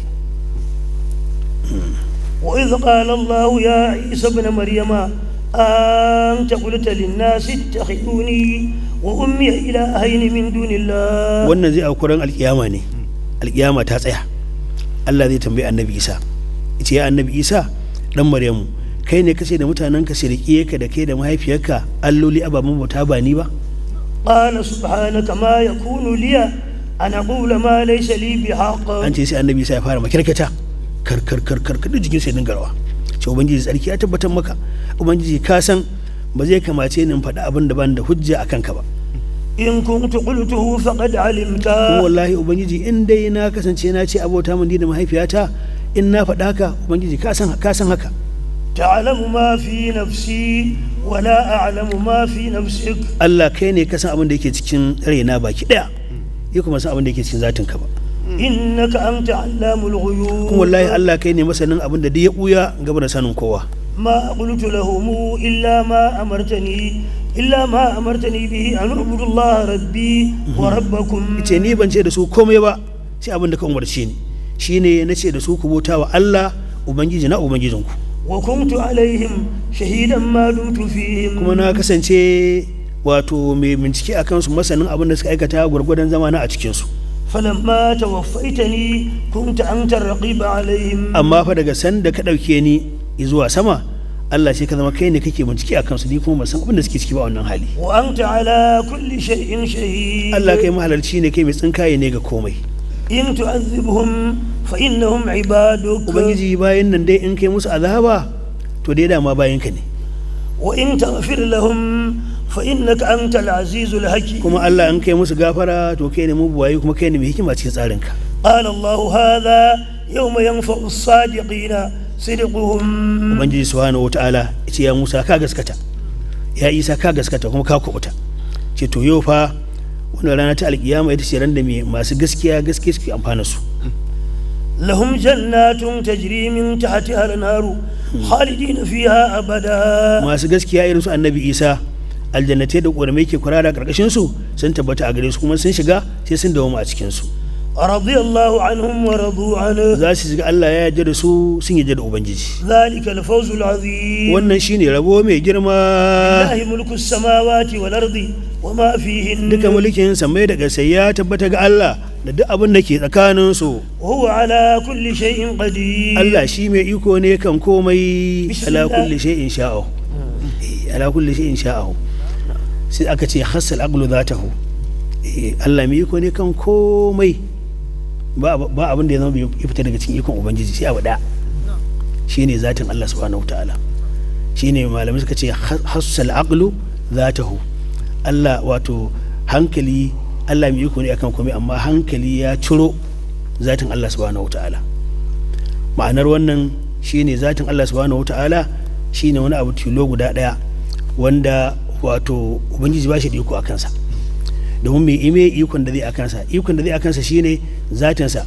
وإذ قال الله يا عيسى ابن مريم أنت قلت للناس اتخذوني وأمي إلهين من دون الله wannan zai aukuran alkiyama ne alkiyama ta tsaya Allah zai tambayi annabi Isa yace ya annabi Isa dan Maryamu kai ne kace da mutanen ka sirki ka da kai da mahaifiyarka alloli ababen bauta ba ni ba qala subhanaka ma yakunu liya an ce sai annabi Isa ya fara makirkata kar kar kar jikin sai dinga rawa ce ubangiji tsarki ya tabbatar maka ubangiji ka san ba zai kamace ni in faɗi abin da ban da hujja a kanka ba in kuntu qultuhu faqad alimta wallahi ubangiji in dai na kasance na ce abota mun da mahaifiyata in na faɗa ka ubangiji ka san ka san haka ta'lamu ma fi nafsi wa la a'lamu ma fi nafsik Allah kai ne ka san abin da yake cikin raina baki daya yi kuma san abin da yake cikin zatin ka ba innaka anta allamul ghuyub kuma wallahi Allah kai ne masanin abin da duk ya buya gaba da sanin kowa ma qultu lahum illa ma amartani illa ma amartani bihi an ubudu Allah rabbi wa mhm. rabbakum ce ni ban ce da su komai ba sai abin da ka umarce ni shine nace da su ku bauta wa Allah ubangiji na ubangijinku wa kuntu alaihim shahidan ma dutu fihim kuma na kasance wato mai bincike a kansu masanin abin da suka aikata gurgurdan zamana a cikinsu falamma kun ta an tarraƙiba alaihim amma fa daga san da ka ɗauke ni zuwa sama Allah sai ka zama kai ne kake bincike akan su ni kuma ban san abin da suke ciki ba wannan hali wa anta ala kulli shay'in shahid Allah kai mahalarci ne kai mai tsinkaye ne ga komai in tu'azzibhum fa innahum ibaduk ubangiji bayan nan dai in kai musu azaba to dai dama bayan ka ne wa in taghfir lahum fa innaka antal azizul hakim kuma Allah in kai musu gafara to kai ne mubuwayi kuma kai ne mai hikima cikin tsarinka qala Allah hadha yawma yanfa'u as-sadiqina sidquhum ubangiji subhanahu wataala yace ya Musa ka gaskata ya Isa ka gaskata kuma ka kubuta ce to yau fa wani rana ta alkiyama ita ce ran da masu gaskiya gaskiya suke amfana su lahum jannatun tajri min tahtiha al-anharu khalidina fiha abada masu gaskiya irin su annabi Isa aljannate da ƙoramai ke da ƙarƙashin su sun tabbata a gare su kuma sun shiga sai sun dawo a cikin su radiyallahu anhum wa radu anhu za su shiga Allah ya yarda da su sun yarda da ubangiji zalika al-fawz azim wannan shine rabo mai girma lahi mulku samawati wal ardi wa ma fihin duka mulkin samai daga sai ya tabbata ga Allah da duk abin da ke tsakanin su huwa ala kulli shay'in qadir Allah shi mai iko ne kan komai ala kulli shay'in sha'a eh, ala kulli shay'in sha'a sai aka ce hassal aqlu zatahu eh, Allah mai iko ne kan komai ba abin da ya zama ya fita daga cikin ikon ubangiji sai abu da shine zatin Allah subhanahu ta'ala shine malamai suka ce hassal aqlu zatahu Allah wato hankali Allah mai iko ne akan komai amma hankali ya ciro zatin Allah subhanahu ta'ala ma'anar wannan shine zatin Allah subhanahu shi shine wani abu tilo guda daya wanda wato ubangiji ba shi da iko a kansa domin mai ime ikon da zai a kansa ikon da zai a kansa shine zatinsa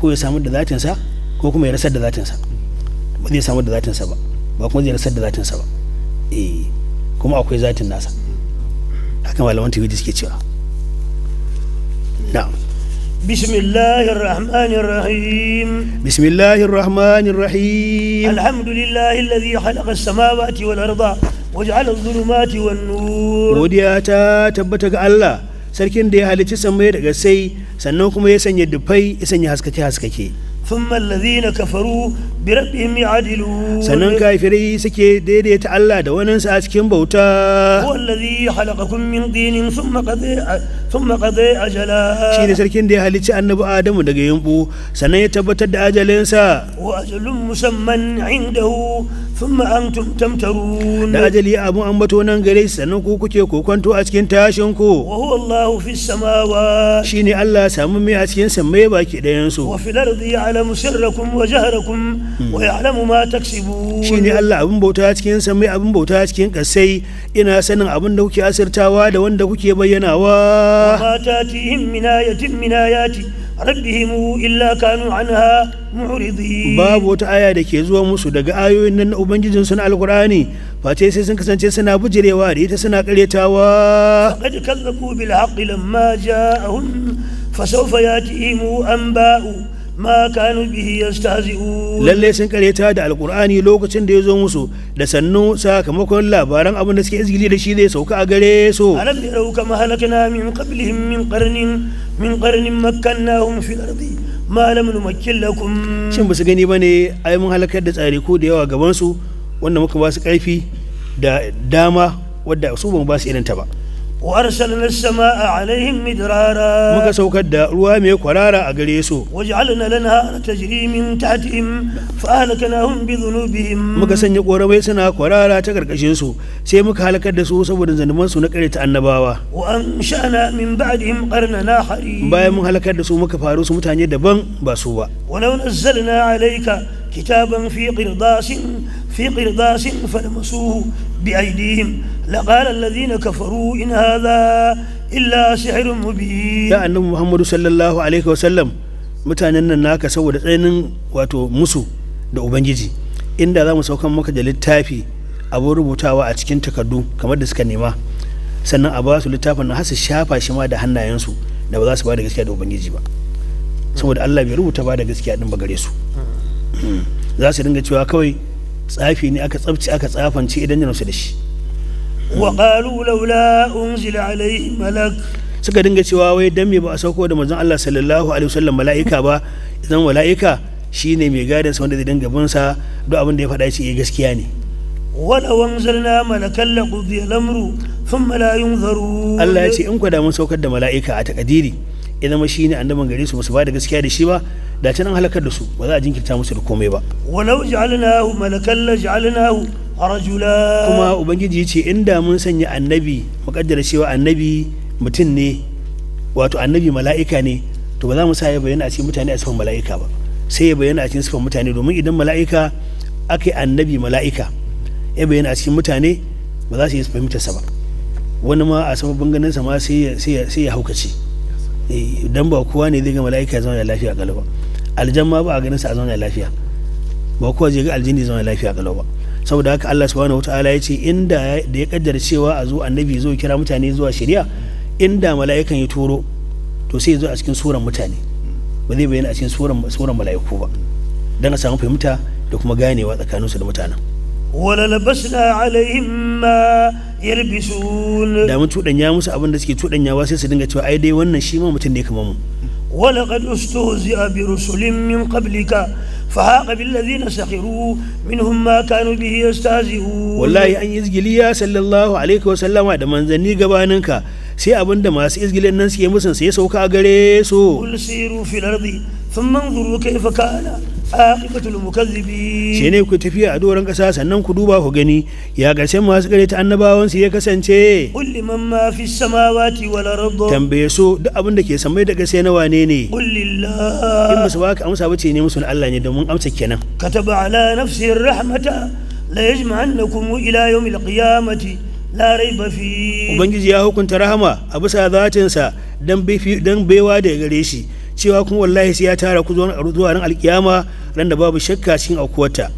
ko ya samu da zatinsa ko kuma ya rasar da zatinsa ba zai samu da zatinsa ba ba kuma zai rasar da zatinsa ba eh kuma akwai zatin nasa haka malaman tawhidi suke cewa na'am بسم الله الرحمن الرحيم بسم الله الرحمن الرحيم الحمد لله الذي خلق السماوات والأرض waj'al adh-dhulumati wan godiya ta tabbata ga Allah sarkin da ya halicci samai daga sai sannan kuma ya sanya dufai ya sanya haskake haskake thumma alladhina kafaru bi rabbihim ya'dilun sannan kafirai suke daidaita Allah da wannan sa a cikin bauta huwa alladhi khalaqakum min dinin thumma qada thumma qada ajala shi ne sarkin da ya halicci annabi Adamu daga yumbu sannan ya tabbatar da ajalinsa wa ajalun musamman indahu thumma antum tamtarun da ajali abu an bato nan gare sannan ku kuke kokonto a cikin tashin ku wa huwa Allahu fis samawa shine Allah samu mai a cikin samai baki dayan su wa fil ardi ya'lamu sirrakum wa jahrakum wa hmm. ya'lamu ma taksibun shine Allah abin bauta cikin samai abin bauta cikin kasai ina sanin abin da kuke asirtawa da wanda kuke bayyanawa wa ma tatihim min ayatin min ayati rabbi rabbihim illa kanu anha mu'ridin babu wata aya da ke zuwa musu daga ayoyin nan na ubangijin su na alqur'ani face sai sun kasance suna bujirewa da ita suna karetawa qad kallabu bil haqqi lamma ja'ahum fasawfa yatihim anba'u ma kanu bihi yastahzi'un lalle sun kareta da alqur'ani lokacin da ya zo musu da sannu sakamakon labaran abin da suke izgili da shi zai sauka a gare su alam yarau kama halakna min qablihim min qarnin min qarnin makkannahum fil ardi ma lam numakkil lakum shin ba su gani bane ai mun halakar da tsare ko da yawa gaban su wanda muka ba su karfi da dama wadda su ba mu ba su irin ta ba وأرسلنا السماء عليهم مدرارا مكا سوكا دا روامي قرارا أغريسو وجعلنا لنهار تجري من تحتهم فأهلكناهم بذنوبهم مكا سنجا قوروي سنا قرارا تكركشنسو سي مكا هلكا دسو سبو دنزنمان سو نكري تأنباوا وأنشأنا من بعدهم قرننا حريم بايا من هلكا دسو مكا فاروس متاني دبان باسوا ولو نزلنا عليك كتابا في قرضاس في قرضاس فلمسوه بأيديهم لقال الذين كفروا إن هذا إلا سحر مبين يا أنه محمد صلى الله عليه وسلم mutanen nan naka saboda tsanin wato musu da ubangiji inda za mu saukan maka da littafi abin rubutawa a cikin takardu kamar da suka nema sannan a ba su littafin na hasa shafa shi ma da hannayensu da ba za su ba da gaskiya da ubangiji ba saboda allah bai rubuta ba da gaskiya din ba gare su za su dinga cewa kawai tsafi ne aka tsafci aka tsafance idan da da shi wa ƙalu laula unzila alaihi malak suka dinga cewa wai dan me ba a sauko da manzon Allah sallallahu alaihi wasallam mala'ika ba idan mala'ika shine mai gadin sa wanda zai dinga bin sa duk abin da ya faɗa shi eh, gaskiya ne wala wanzalna malakan la qudi al-amru thumma la yunzaru Allah ya ce in kwada mun saukar da mala'ika a takadiri idan ma shine annaban gare su ba su ba da gaskiya da shi ba da ta nan halakar da su ba za a jinkirta musu da komai ba walau ja'alnahu malakan la ja'alnahu rajula kuma ubangiji ya ce inda mun sanya annabi mukaddara cewa annabi mutum ne wato annabi mala'ika ne to ba za mu sa ya bayyana a cikin mutane a cikin mala'ika ba sai ya bayyana a cikin sifan mutane domin idan mala'ika aka yi annabi mala'ika ya bayyana a cikin mutane ba za su yi fahimtarsa ba wani ma a sama sa ma sai ya haukace eh, dan ba kowa ne zai ga mala'ika zama da lafiya galiba aljan ma ba a ganin sa a zauna lafiya ba kuwa zai ga da zauna lafiya kalau ba saboda haka Allah subhanahu wataala ya ce inda da ya kaddara cewa a zo annabi zo kira mutane zuwa shari'a inda mala'ikan ya turo to sai ya zo a cikin suran mutane ba zai bayyana a cikin suran suran mala'iku ba dan a samu fahimta da kuma ganewa tsakanin su da mutanen walalbasna alaihim ma yalbisun da mutu danya musu abin da suke ba sai su dinga cewa ai dai wannan shi ma mutum ne kamar mu ولقد استهزئ برسل من قبلك فهاق بالذين سخروا منهم ما كانوا به يستهزئون والله أن يزجلي صلى الله عليه وسلم هذا من ذني قبانك sai abin da masu izgilin nan سي سوكا sai sauka a gare su. Kul sun manzuru kai fa kana aqibatul mukazzibi shi ne ku tafiya a doron kasa sannan ku duba ku gani ya ƙarshen masu kare ta annabawan su ya kasance kulli man ma fi samawati wal ardh tambaye su duk abin da ke samai da gaske na wane ne kullillah in musu baka amsa bace ne musu Allah ne domin amsa kenan kataba ala nafsi rahmata la yajma'annakum ila yawmil qiyamati larai bafi. ubangiji ya hukunta rahama a bisa zatinsa don baiwa da gare shi cewa kuma wallahi sai ya tara ku zuwa ran alkiyama ran da babu shakka cikin aukuwarta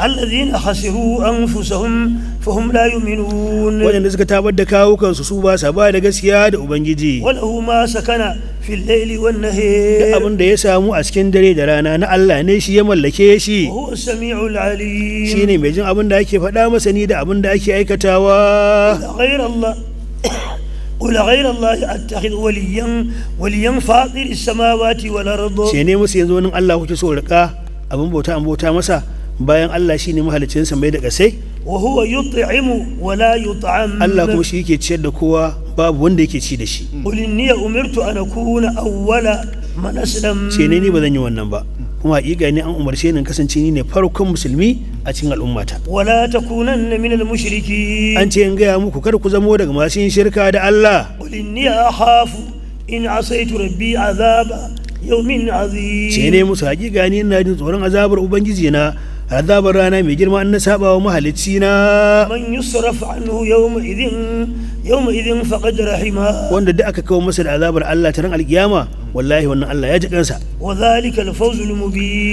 allazina khasiru anfusahum fahum la yu'minun wadanda suka tabar da kawo kansu su ba sa ba da gaskiya da ubangiji walahu ma sakana fil layli wan nahar abin da ya samu a cikin dare da rana na Allah ne shi ya mallake shi huwa samiul alim shine mai jin abin da ake faɗa masa ni da abin da ake aikatawa ghayra Allah قل غير الله أتخذ وليا وليا فاطر السماوات والأرض سيني مسي يزون الله كسو ركا أبن بوتا أم بوتا مسا bayan Allah shi ne mahalicin mai da kasai wa huwa yut'imu wala la yut'am Allah kuma shi yake ciyar da kowa babu wanda yake ci da shi qul umartu umirtu an akuna awwala manasidan ne ni ba zan yi wannan ba kuma haƙiƙa ne an umarce ni kasance ni ne farkon musulmi a cikin al'ummata wala takunan na minal mushriki an ce in gaya muku kar ku zamo daga masu yin shirka da Allah qul inni akhafu in asaitu rabbi azaba yawmin azim ce ne musu haƙiƙa ne ina jin tsoron azabar ubangiji na azabar rana mai girma an na sabawa wa mahalicci na man yusraf anhu yawma idin yawma idin faqad rahima wanda duk aka kawo masa da azabar Allah ta ran alkiyama wallahi wannan Allah ya ji wa zalika al-fawz al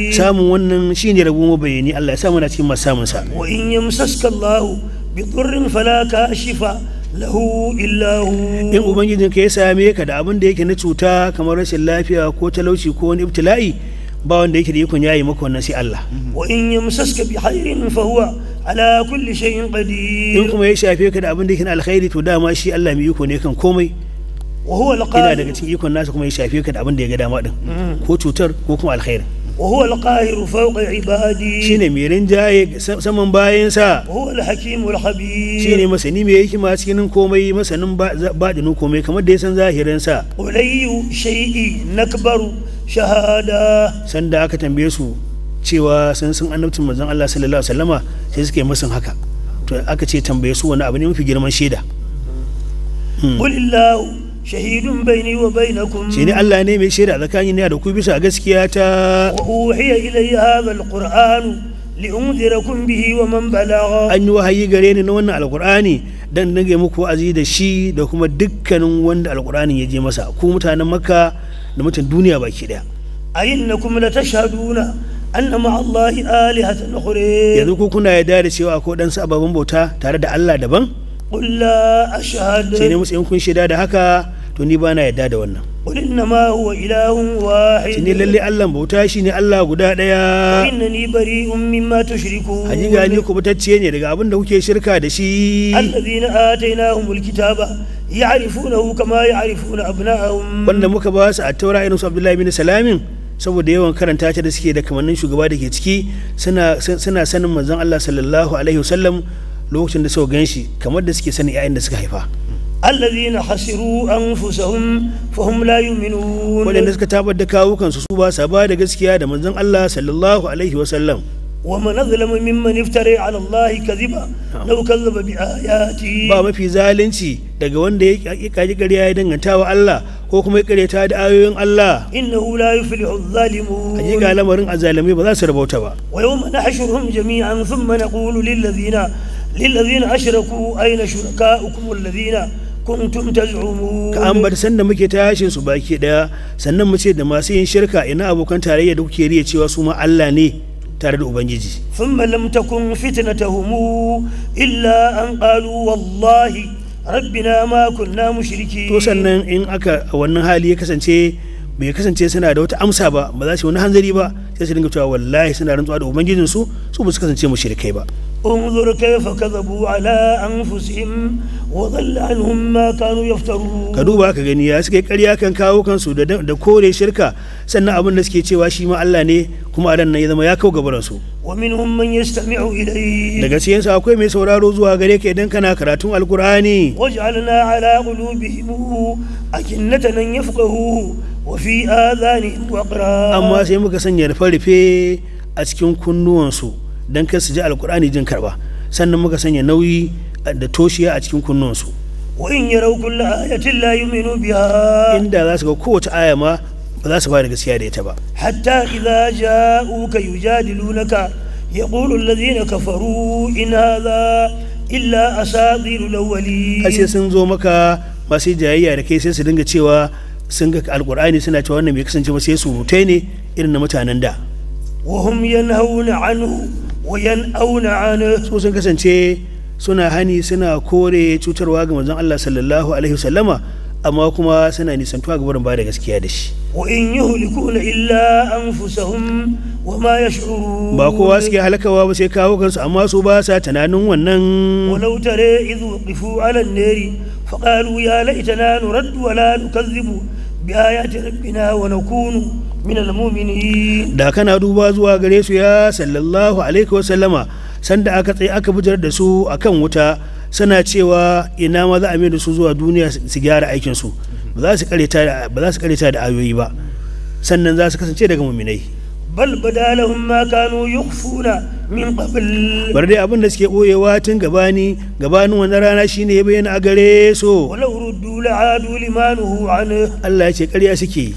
samun wannan shine rabo mabayani Allah ya a na cikin masu samun sa wa in yamsaska Allah bi dhurrin fala kashifa lahu illahu in ubangijinka ya same ka da abin da yake na cuta kamar rashin lafiya ko talauci ko wani ibtila'i ba wanda yake da ikon yayi maka wannan sai Allah wa in yamsaska bi khairin fa huwa ala kulli shay'in qadir in kuma ya shafe ka da abin da yake na alkhairi to dama shi Allah mai iko ne kan komai wa huwa alqahir ina daga cikin ikon nasa kuma ya shafe ka da abin da ya ga dama din mm. ko cutar ko kuma alkhairi wa huwa alqahir fawqa ibadi shine mai rinjaye saman bayan sa wa huwa alhakim alhabir shine masani mai hikima cikin komai masanin badinin komai kamar da ya san zahirin sa ulayyu shay'i nakbaru shahada sanda aka tambaye su cewa sun sun annabcin manzon Allah sallallahu alaihi wasallama sai suka yi musun haka to aka ce tambaye su wani abu ne mafi girman shaida kulillahu hmm. shahidun baini wa bainakum shi ne Allah ne mai shaida tsakanin ne da ku bisa gaskiya ta wa uhiya ilayya hadha alquran unzirakum bihi wa man balagha an yi wahayi gare ni na wannan alqur'ani dan nage muku wa'azi da shi da kuma dukkanin wanda alqurani ya je masa ku mutanen makka da mutum duniya baki daya أئنكم لتشهدون أن مع الله na kure yanzu ko kuna yarda da cewa ko dan ababen bauta tare da Allah daban qul a ashhadu sai ne musu yin kun shaida da haka to ni ba na yadda da wannan na ma huwa ilahun wahid ne lalle Allah bauta shi ne Allah guda ɗaya. daya ma ta mimma tushriku hakika ni kubutacce ne daga abin da kuke shirka da shi na allazina ya kitaba ya'rifunahu kama na abna'ahum wanda muka ba su a taura irin su Abdullahi bin Salamin saboda yawan karanta ta da suke da kamannin shugaba da ke ciki suna sanin manzon Allah sallallahu alaihi wasallam lokacin da suka gan shi kamar da suke sanin 'ya'yan da suka haifa الذين خسروا أنفسهم فهم لا يؤمنون ولن نسك تابد دكاو كان سوبا سبا دغسكيا da manzon Allah sallallahu alaihi wasallam ومن أظلم ممن افترى على الله كذبا لو كذب بآياته ba mafi zalunci daga wanda ya kaji ƙarya ya danganta Allah ko kuma ƙaryata da ayoyin Allah innahu la yuflihu adh-dhalimun lamarin azalimi ba za su rabauta ba wa yawma nahshuruhum jami'an thumma naqulu lil ladzina lil ladzina ashraku ayna shurakaukum alladhina kuntum tazumu ka ambata sanda muke ta yashin su baki daya sannan mu ce da masu yin shirka ina abokan tarayya da kuke riya cewa su ma Allah ne tare da ubangiji thumma lam takun fitnatuhum illa an qalu wallahi rabbina ma kunna mushriki to sannan in aka wannan hali ya kasance bai kasance suna da wata amsa ba ba za su wani hanzari ba sai su dinga cewa wallahi suna rantsuwa da ubangijin su su ba su kasance mushrikai ba kayfa kadabu ala anfusihim wa dhalla anhum ma kanu يفترون ka duba ka gani ya suke ƙarya kan kawo kansu da da kore shirka sannan abin da suke cewa shi ma Allah ne kuma adan nan ya zama ya kau gabaran su wa minhum man yastami'u ilayhi daga cikin su akwai mai sauraro zuwa gare ka idan kana karatun alqur'ani waj'alna ala qulubihim akinnatan yafqahu wafi azani wakara amma sai muka sanya rufe rufe a cikin kunnuwansu don kai su ji alkurani jin karba sannan muka sanya nauyi da toshiya a cikin kunnuwansu wa'in ya yarau kullu ayatin la yu'minu inda za su ga kowace aya ma ba za su bada da gaskiya da ita ba hatta idza ja'uka yujadilunaka yaqulu alladhina kafaru in hadha illa asatirul awwalin ashe sun zo maka masu jayayya da kai sai su dinga cewa sun ga alkur'ani suna cewa wannan bai kasance ba sai surutai ne irin na mutanen da wahum hauna anu wa auna anu su sun kasance suna hani suna kore cutarwa ga manzon Allah sallallahu alaihi wasallama amma kuma suna nisantuwa ga barin bada gaskiya da shi wa in yuhlikuna illa anfusahum wa ma yash'urun ba kowa suke halakawa ba sai kawo kansu amma su ba sa tunanin wannan walau tare idh waqifu ala an-nari faqalu ya laitana nuraddu wa la nukazzibu rabbina wa nakunu min almu'minin da kana duba zuwa gare su ya sallallahu alaihi wa sallama sanda aka tsaye aka bujar da su akan wuta sana cewa ina ma za a mai da su zuwa duniya su gyara aikin su ba za su kareta da ayoyi ba sannan za su kasance daga muminai bal badalahum ma kanu yukhfuna min qabl bar dai abin da suke boyewa tun gabani gabanin wannan rana shine ya bayyana a gare so wala la adu limanuhu an Allah ya ce ƙarya suke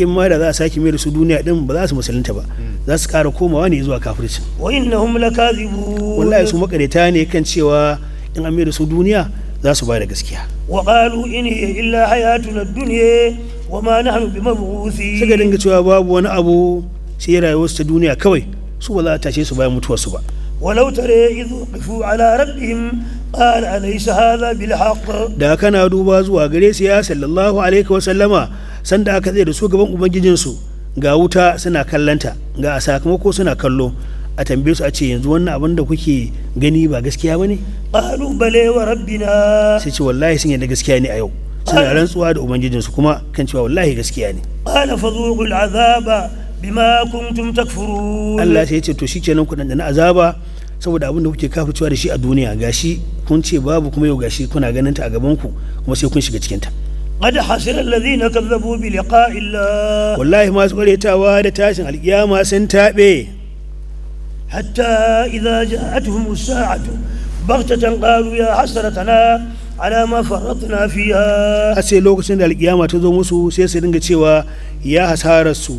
in ma da za a sake mai da su duniya din ba za su musulunta ba za su ƙara komawa ne zuwa kafirci wa innahum lakazibun wallahi su makareta ne kan cewa in an mai da su duniya za su ba da gaskiya wa qalu in illa hayatuna dunya wa ma nahnu bimabu'uthi suka dinga cewa babu wani abu sai rayuwarsu ta duniya kawai su ba za a tashe su bayan su ba walau tare izu kufu ala rabbihim qala alaysa hadha bil haqq da kana duba zuwa gare su ya sallallahu alaihi wa sallama sanda aka tsaye da su gaban ubangijin su ga wuta suna kallanta ga a sakamako suna kallo a tambaye su a ce yanzu wannan abin da kuke gani ba gaskiya ne qalu bale wa rabbina sai ce wallahi sun da gaskiya ne a yau suna rantsuwa da ubangijinsu kuma kan cewa wallahi gaskiya ne qala fadhuqul azaba bima kuntum takfurun Allah sai ya ce to shikenan ku dan azaba saboda abin da kuke kafircewa da shi a duniya gashi kun ce babu kuma yau gashi kuna ganin ta a gaban ku kuma sai kun shiga cikin ta qad hasira alladhina kazzabu bi liqa'i Allah wallahi masu kwaretawa da tashin alkiyama sun tabe hatta idza ja'atuhum as-sa'atu baghtatan qalu ya hasratana ala ma faratna fiha a lokacin da alkiyama ta zo musu sai su dinga cewa ya hasarar su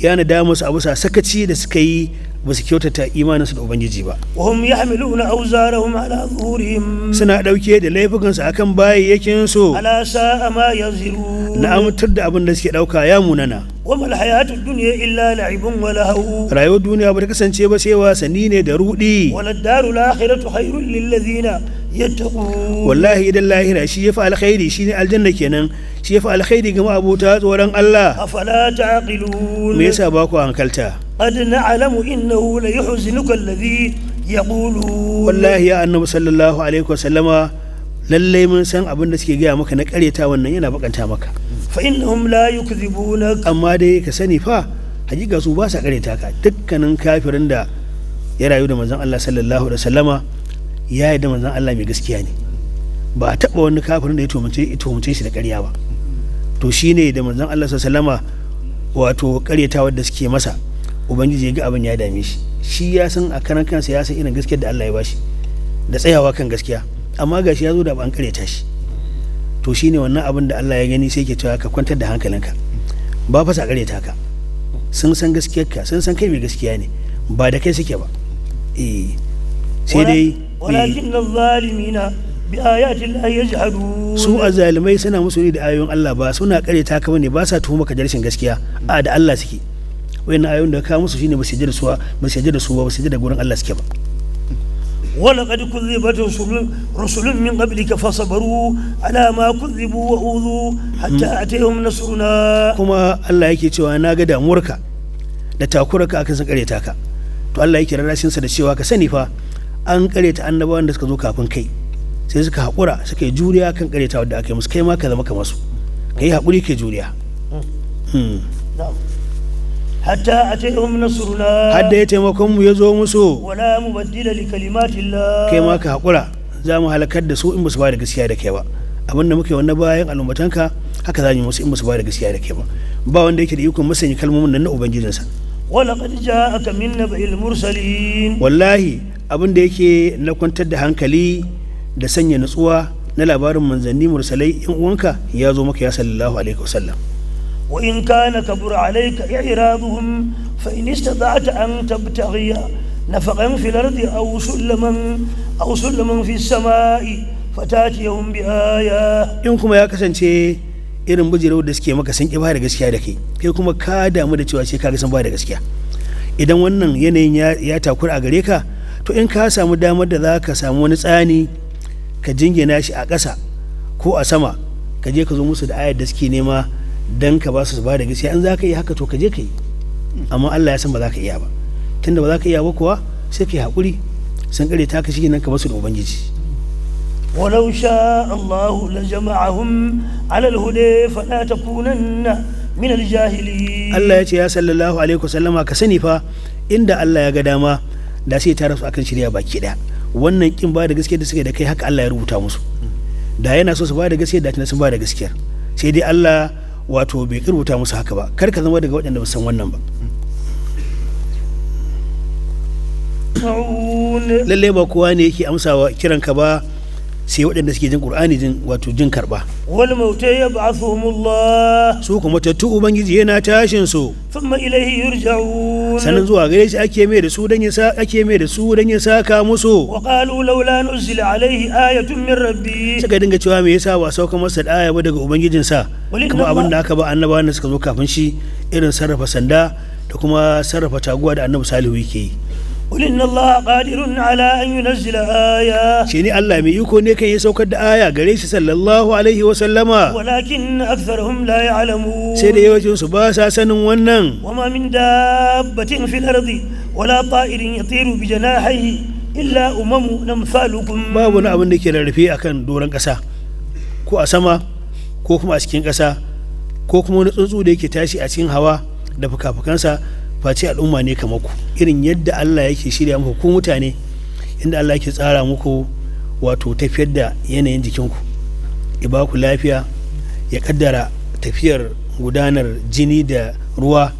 ya nadama su abu sakaci da suka yi ba su kyautata imaninsu da ubangiji ba hum yahmiluna awzarahum ala zuhurihim suna dauke da laifukansu akan bayayyakin su ala sa'a ma yazirun na amintar da abin da suke dauka ya munana wama alhayatu dunya illa la'ibun wa lahu rayuwar duniya ba ta kasance ba sai wasanni ne da rudi wala darul akhiratu khairul lil ladzina yattaqun wallahi idan lahira shi yafi alkhairi shi ne aljanna kenan shi yafi alkhairi ga abota tsoron Allah afala taqilun me yasa ba ku hankalta qad na'lamu innahu la yuhzinuka alladhi yaqulu wallahi ya annabi sallallahu alaihi wasallama lallai mun san abin da suke gaya maka na karyata wannan yana bakanta maka fa innahum la yukdhibunak amma dai ka sani fa hakika su ba sa karyata ka dukkanin kafirin da ya rayu da manzon Allah sallallahu alaihi wasallama ya da manzan Allah mai gaskiya ne ba a taɓa wani kafirin da ya tuhumce shi da ƙarya ba to shine da manzan Allah sallama wato ƙaryata wadda suke masa ubangiji ya ga abin ya dame shi shi ya san a karan kansa ya san irin gaskiyar da Allah ya bashi da tsayawa kan gaskiya amma ga shi ya zo da an ƙaryata shi to shine wannan abin da Allah ya gani sai ke cewa ka kwantar da hankalinka ba fa sa ƙaryata ka sun san gaskiyarka sun san kai mai gaskiya ne ba da kai suke ba eh sai dai eh, su azalimai suna musu ne da ayoyin Allah ba suna ta kama ne ba sa tuhuma ka jarshen gaskiya a da Allah suke wani ayoyin da ka musu shine ba su da su ba su da su ba su da gurin Allah suke ba ولقد كذبت رسل رسل من قبلك فصبروا على ما كذبوا واوذوا حتى اتيهم نصرنا kuma Allah yake cewa na ga damuwarka da takurarka akan san ta ka to Allah yake rarrashin sa da cewa ka sani fa an karyata annabawan da suka zo kafin kai sai suka haƙura suka yi juriya kan karyata wadda aka yi musu kai ma ka zama kamar su ka yi haƙuri ke juriya hmm. hatta a ce hadda ya taimakon mu ya zo musu wala mu baddila li kalimatillah kai ma ka haƙura za mu halakar da su in ba su ba da gaskiya da kai ba abin da muke wannan bayan al'ummatanka haka za mu yi musu in ba su ba da gaskiya da kai ba ba wanda yake da ikon masanyi kalmomin nan na ubangijinsa ولقد جاءك من نبأ المرسلين والله abin da yake na kwantar da hankali da sanya nutsuwa na labarin manzanni mursalai yan uwanka ya zo maka ya sallallahu alaihi wasallam wa in kana kabur alayka i'raduhum fa in istata'ta an tabtaghiya nafaqan fil ardi aw sulaman aw sulaman fis sama'i fatatiyahum bi aya in kuma ya kasance irin bujirar da suke maka sun ki ba da gaskiya da kai kai kuma ka damu da cewa sai ka ga sun ba da gaskiya idan wannan yanayin ya takura a gare ka to in ka samu damar da za ka samu wani tsani ka jingina shi a ƙasa ko a sama ka je ka zo musu da ayar da suke nema dan ka ba su ba da gaskiya in za ka yi haka to ka je ka yi amma Allah ya san ba za ka iya ba tunda ba za ka iya ba kuwa sai ka yi haƙuri san kare ta ka shi nan ka basu da ubangiji ولو شاء الله لجمعهم على الهدى فلا تكونن min aljahili Allah ya ce ya sallallahu alaihi wasallama ka sani fa inda Allah ya ga dama da sai ta rasu akan shirya baki daya wannan kin ba da gaskiya da suke da kai haka Allah ya rubuta musu da yana so su ba da gaskiya da sun ba da sai dai Allah wato bai rubuta musu haka ba kar ka zama daga waɗanda ba san wannan ba lallai ba kowa ne yake amsawa ka ba sai waɗanda suke jin ƙur'ani jin wato jin karba wal mautu yab'athuhumullah su kuma tattu ubangiji yana tashin su thumma ilayhi yurja'un sanan zuwa gare shi ake mai da su dan ya sa ake mai da su dan ya saka musu wa qalu laula nuzila alayhi ayatun min rabbi suka dinga cewa me yasa ba sauka masa da aya ba daga ubangijinsa kuma abin da aka ba annabawan da suka zo kafin shi irin sarrafa sanda da kuma sarrafa taguwa da annabi salihu yake yi قل إن الله قادر على أن ينزل آية شيني الله مي يكون يكي يسوك آية قريش صلى الله عليه وسلم ولكن أكثرهم لا يعلمون سيدي يوجه سباسا سن ونن وما من دابة في الأرض ولا طائر يطير بجناحيه إلا أمم أمثالكم بابنا أبن ديكي رفي أكن دوران قسا كو أسما كو كما أسكين قسا ko kuma wani tsuntsu da yake tashi a cikin hawa da fuka-fukansa face al'umma ne kamar ku irin yadda Allah yake shirya muku ku mutane inda Allah yake tsara muku wato tafiyar da yanayin jikinku ya ba ku lafiya ya kaddara tafiyar gudanar jini da ruwa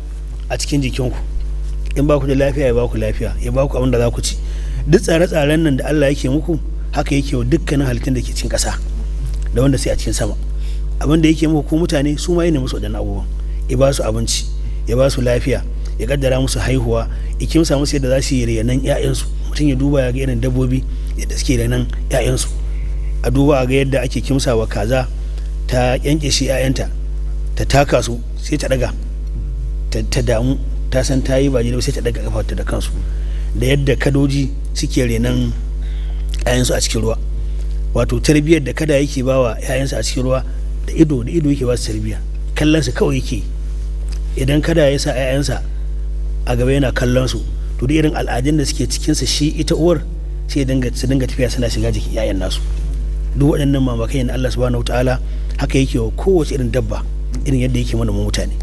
a cikin jikinku in ba ku da lafiya ya ba ku lafiya ya ba ku abin da za ku ci duk tsare-tsaren nan da Allah yake muku haka yake wa dukkanin halittun da ke cikin ƙasa da wanda sai a cikin sama abin da yake muku ku mutane su ma yana musu waɗannan abubuwan ya ba su abinci ya ba su lafiya ya kaddara musu haihuwa ikin samu sai da za su yi renan 'ya'yansu mutum ya duba ya ga irin dabbobi yadda suke renan yayansu a duba a ga yadda ake wa kaza ta yanke shi 'ya'yanta ta taka su sai ta daga ta damu ta san ta yi ba ba sai ta daga kafarta da kansu da yadda kadoji suke renan 'ya'yansu a cikin ruwa wato tarbiyyar da kada yake bawa 'ya'yansu a cikin ruwa da ido da ido yake ba su tarbiyya kallon su kawai yake idan kada ya sa 'ya'yansa a gaba yana kallon su to da irin al'adun da suke cikinsa shi ita uwar sai su dinga tafiya suna shiga jikin 'ya'yan nasu duk waɗannan mamakai na Allah subhanahu wataala haka yake wa kowace irin dabba irin yadda yake mana mutane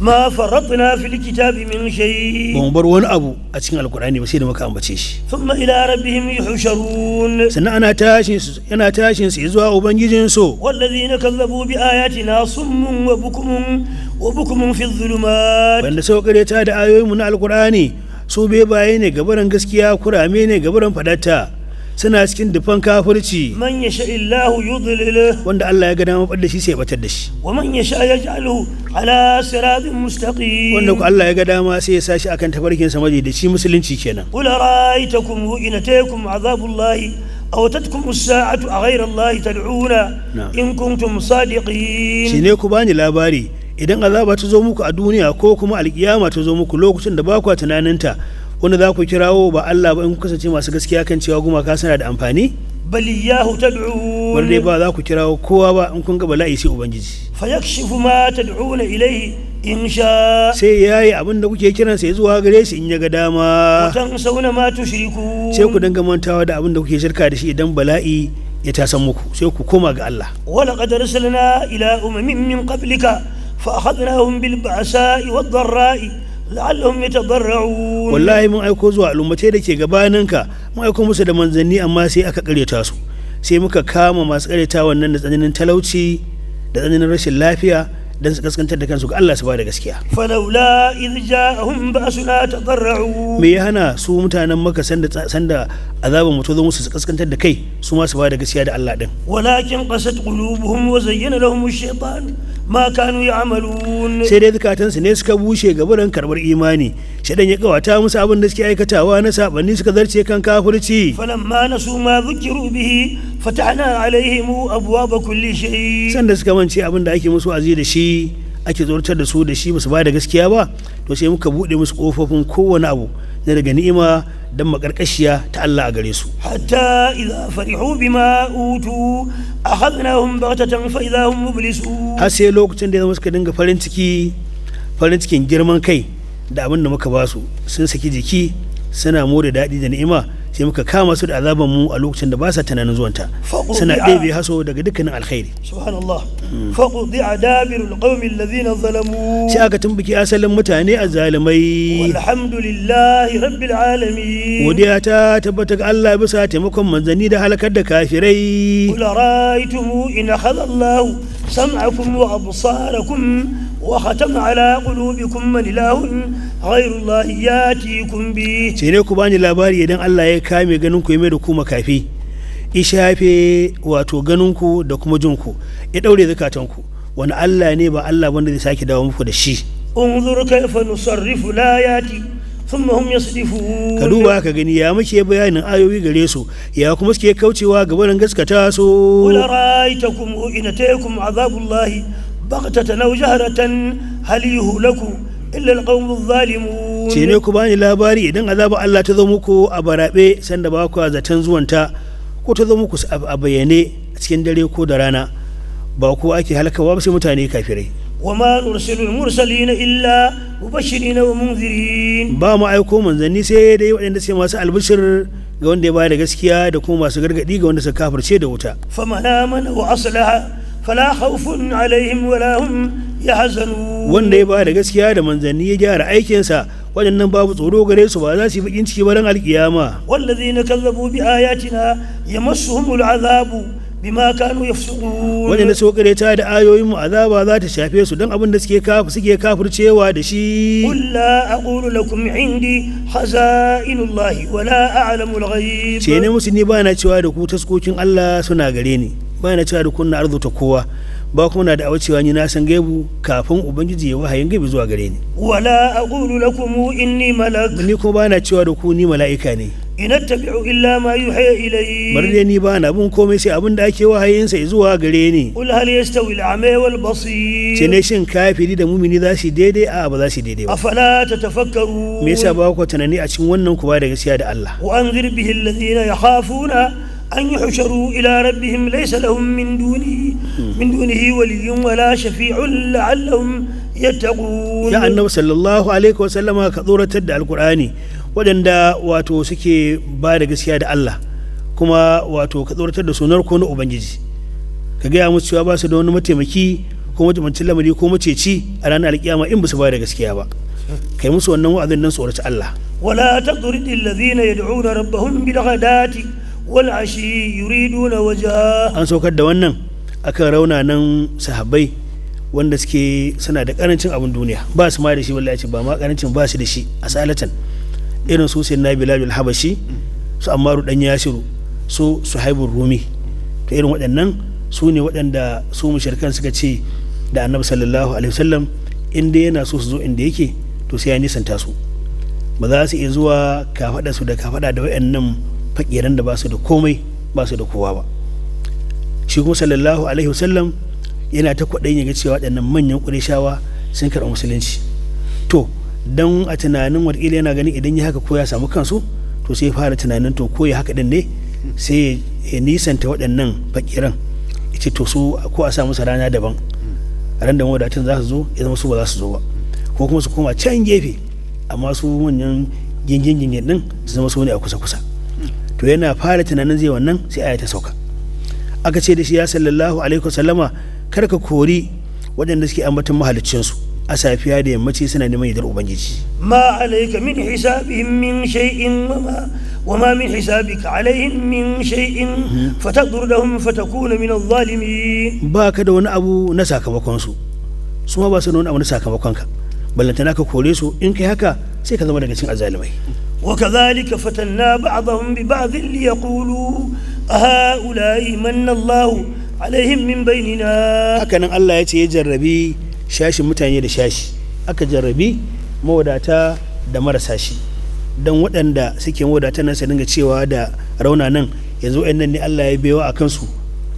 ma faratna fi kitabi min shay ba bar wani abu a cikin alkur'ani ba sai da muka ambace shi thumma ila rabbihim yuhsharun sannan ana tashin su yana tashin su zuwa ubangijin su wallazina kazzabu bi ayatina summun wa bukumun wa bukumun fi dhulumat wanda kare ta da ayoyin mu na alkur'ani su bebaye ne gabaran gaskiya kurame ne gabaran fadatta suna cikin dufan kafirci man yasha illahu yudlil wanda Allah ya ga dama fadda shi sai batar da shi wa man yasha yaj'alu ala siratin mustaqim wanda ku Allah ya ga dama sai ya sashi akan tafarkin sa maji da shi musulunci kenan qul ra'aytakum inataykum azabullahi أوتتكم الساعة أغير tad'una تدعون إن كنتم صادقين شنيكو باني labari idan azaba ta zo muku a duniya ko kuma alkiyama ta zo muku lokacin da ba kwa tunaninta wanda za ku kirawo ba Allah ba in ku kasance masu gaskiya kan cewa gumaka suna da amfani bali iyahu tad'u wanda ba za ku kirawo kowa ba in kun ga bala'i sai ubangiji yakshifu ma tad'una ilayhi in sha sai yayi abin da kuke kiran sai zuwa gare shi in ya ga dama tan sauna ma tushriku sai ku danga mantawa da abin da kuke shirka da shi idan bala'i ya tasan muku sai ku koma ga Allah wala qad arsalna ila umamin min qablika fa akhadnahum bil ba'sa'i wad dharra'i la'allahum yatabarra'un wallahi mun aiko zuwa al'ummace da ke gabaninka mun aiko musu da manzanni amma sai aka karyata su sai muka kama masu karyata wannan da tsananin talauci da tsananin rashin lafiya dan su kaskantar da kansu ga Allah su ba da gaskiya falawla idh ja'ahum ta tadarra'u me ya hana su mutanen maka sanda sanda azaban mutu zo musu su kaskantar da kai su ma su ba da gaskiya da Allah din walakin qasat qulubuhum wa zayyana lahum ash-shaytan ma kanu ya'malun sai dai su ne suka bushe buran karbar imani shaidan ya kawata musu abin da suke aikatawa na sabanni suka zarce kan kafirci falamma nasu ma dhukiru bihi fatahna alaihim ba kulli shay sanda suka mance abin da ake musu azi da shi ake tsoratar da su da shi ba su ba da gaskiya ba to sai muka buɗe musu ƙofofin kowane abu na daga ni'ima don maƙarƙashiya ta Allah a gare su. Hatta idza farihu bima utu akhadnahum baghtatan fa idza hum mublisun. Har sai lokacin da ya zama suka dinga farin ciki farin cikin girman kai da abin da muka ba su sun saki jiki suna more daɗi da ni'ima sai muka kama su da azaban mu a lokacin da ba sa tunanin zuwanta suna ɗebe haso daga dukkanin alkhairi subhanallah hmm. faqdi adabir alqawmi alladhina zalamu sai aka tumbuki asalin mutane azzalimai walhamdulillahi rabbil alamin godiya ta tabbata ga Allah bisa taimakon manzanni da halakar da kafirai qul ra'aytum in akhadha Allah sam'akum wa absarakum وختم على قلوبكم من إله غير الله ياتيكم به سيني ku bani labari idan Allah ya kame ganin ku ya mai da ku makafi ishafe wato ganin ku da kuma jin ku ya daure zakatan ku wani Allah ne ba Allah wanda zai sake dawo muku da shi unzur kaifa nusarrifu layati thumma hum yasrifun ka duba ka gani ya muke bayanin ayoyi gare su ya kuma suke kaucewa gabanin gaskata su kula ra'aytakum azabullahi baktatan aw jahratan hal yuhlaku illa alqawmul zalimun ce ne ku bani labari idan azabar Allah ta zo muku a barabe sanda ba ku zaton zuwanta ko ta zo muku a bayyane a cikin dare ko da rana ba ku ake halakawa ba sai mutane kafirai وما نرسل المرسلين إلا مبشرين ومنذرين ba ma aiko manzanni sai dai waɗanda suke masu albishir ga wanda ya bayar da gaskiya da kuma masu gargaɗi ga wanda suka kafirce da wuta famana mana wa aslaha fala khawfun alaihim wala hum yahzanun wanda ya ba da gaskiya da manzanni ya gyara aikinsa waɗannan babu tsoro gare su ba za su yi bakin ciki ba ran alkiyama wallazina kazzabu bi ayatina yamassuhumul azabu bima kanu yafsuqun waɗanda su ta da ayoyin mu azaba za ta shafe su dan abin da suke kafu suke kafircewa da shi kullu aqulu lakum indi khazainullahi wala a'lamul ghaib ce ne musu ni bana cewa da ku taskokin Allah suna gare ni ba na cewa dukkan na ta kowa ba kuma na da'awa cewa ni na san gaibu kafin ubangiji ya wahayin gaibu zuwa gare ni wala aqulu lakum inni malak ni kuma ba na cewa da ku ni mala'ika ne in attabi'u illa ma yuha ilayhi bar dai ni ba na bin komai sai abin da ake wahayin sa zuwa gare ni qul hal yastawi al-a'ma wal basir ce ne shin kafiri da mumini za su daidai a ba za su daidai ba afala tatafakkaru me yasa ba ku tunani a cikin wannan ku ba da gaskiya da Allah wa anzir bihi alladhina yakhafuna أن يحشروا إلى ربهم ليس لهم من دونه من دونه ولي ولا شفيع لعلهم يتقون يا النبي صلى الله عليه وسلم كذورة تدع القرآن ودندا واتو سكي بارك سيادة الله كما واتو كذورة تدع سنر كون أبنجي كجاء مستوى باس دون متمكي كما تمنتي لمري كما تيتي أنا القيامة إن بس بارك سيادة kai musu النمو أذن nan الله ولا wala الذين يدعون ربهم rabbahum Walashi ashi yuriduna waje. an saukar da wannan akan nan sahabbai wanda suke suna da karancin abin duniya ba su ma da shi wallahi ba ma karancin ba su da shi a Salatan. irin su sai na bilal habashi su ammaru dan yasiru su suhaibur rumi to irin waɗannan su ne waɗanda su mushrikan suka ce da annabi sallallahu alaihi wasallam in dai yana so su zo inda yake to sai ya nisanta su ba za su iya zuwa kafada su da kafada da waɗannan. fakiran da ba su da komai ba su da kowa ba shi kuma sallallahu alaihi wasallam yana ta kwaɗayin ya ga cewa waɗannan manyan ƙurishawa sun karɓi musulunci to don a tunanin watakila yana ganin idan ya haka ko ya samu kansu to sai fara tunanin to ko ya haka din ne sai ya nisanta waɗannan fakiran ce to su ko a sa rana daban ran da wadatun za su zo ya zama su ba za su zo ba ko kuma su koma can gefe amma su manyan gingin gingin din su zama su ne a kusa kusa to yana fara tunanin zai wannan sai aya ta sauka aka ce da shi ya sallallahu alaihi wasallama kar ka kori waɗanda suke ambaton su a safiya da yammaci suna neman yadda ubangiji ma alayka min hisabihim min shay'in wa ma min hisabika alaihim min shay'in mhm. fatadur lahum fatakuna min adh-dhalimin ba ka da wani abu na sakamakon su su ma ba su da wani abu na sakamakon ka ballantana ka kore su in kai haka sai ka zama daga cikin azalimai وكذلك فتنا بعضهم ببعض ليقولوا أهؤلاء من الله عليهم من بيننا هكذا الله يتي يجربي شاش متعني لشاش aka jarrabi mawadata da marasa shi don waɗanda suke mawadata nan su dinga cewa da raunanan yanzu wa'yan nan ne Allah ya bewa a kansu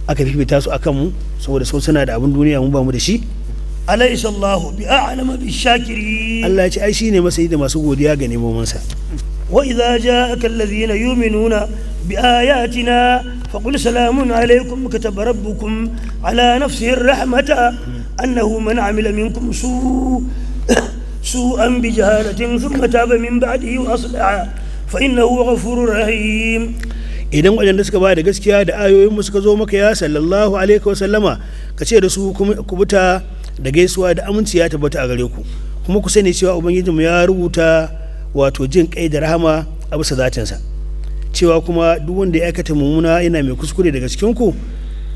aka fifita su a kanmu saboda sau suna da abin duniya mu ba mu da shi alaisallahu bi a'lama bi shakiri Allah ya ce ai shine masani da masu godiya ga nemomansa وإذا جاءك الذين يؤمنون بآياتنا فقل سلام عليكم كتب ربكم على نفسه الرحمة أنه من عمل منكم سوء سوءا بجهالة ثم تاب من بعده وأصلح فإنه غفور رحيم idan waɗanda suka ba da gaskiya da ayoyinmu suka zo maka ya sallallahu alaihi wa sallama ka ce da su kubuta da gaisuwa da aminci ya tabbata a gare ku kuma ku sani cewa ubangijinmu ya rubuta wato jin kai da rahama a bisa zatinsa cewa kuma duk wanda ya aikata mummuna yana mai kuskure daga cikin ku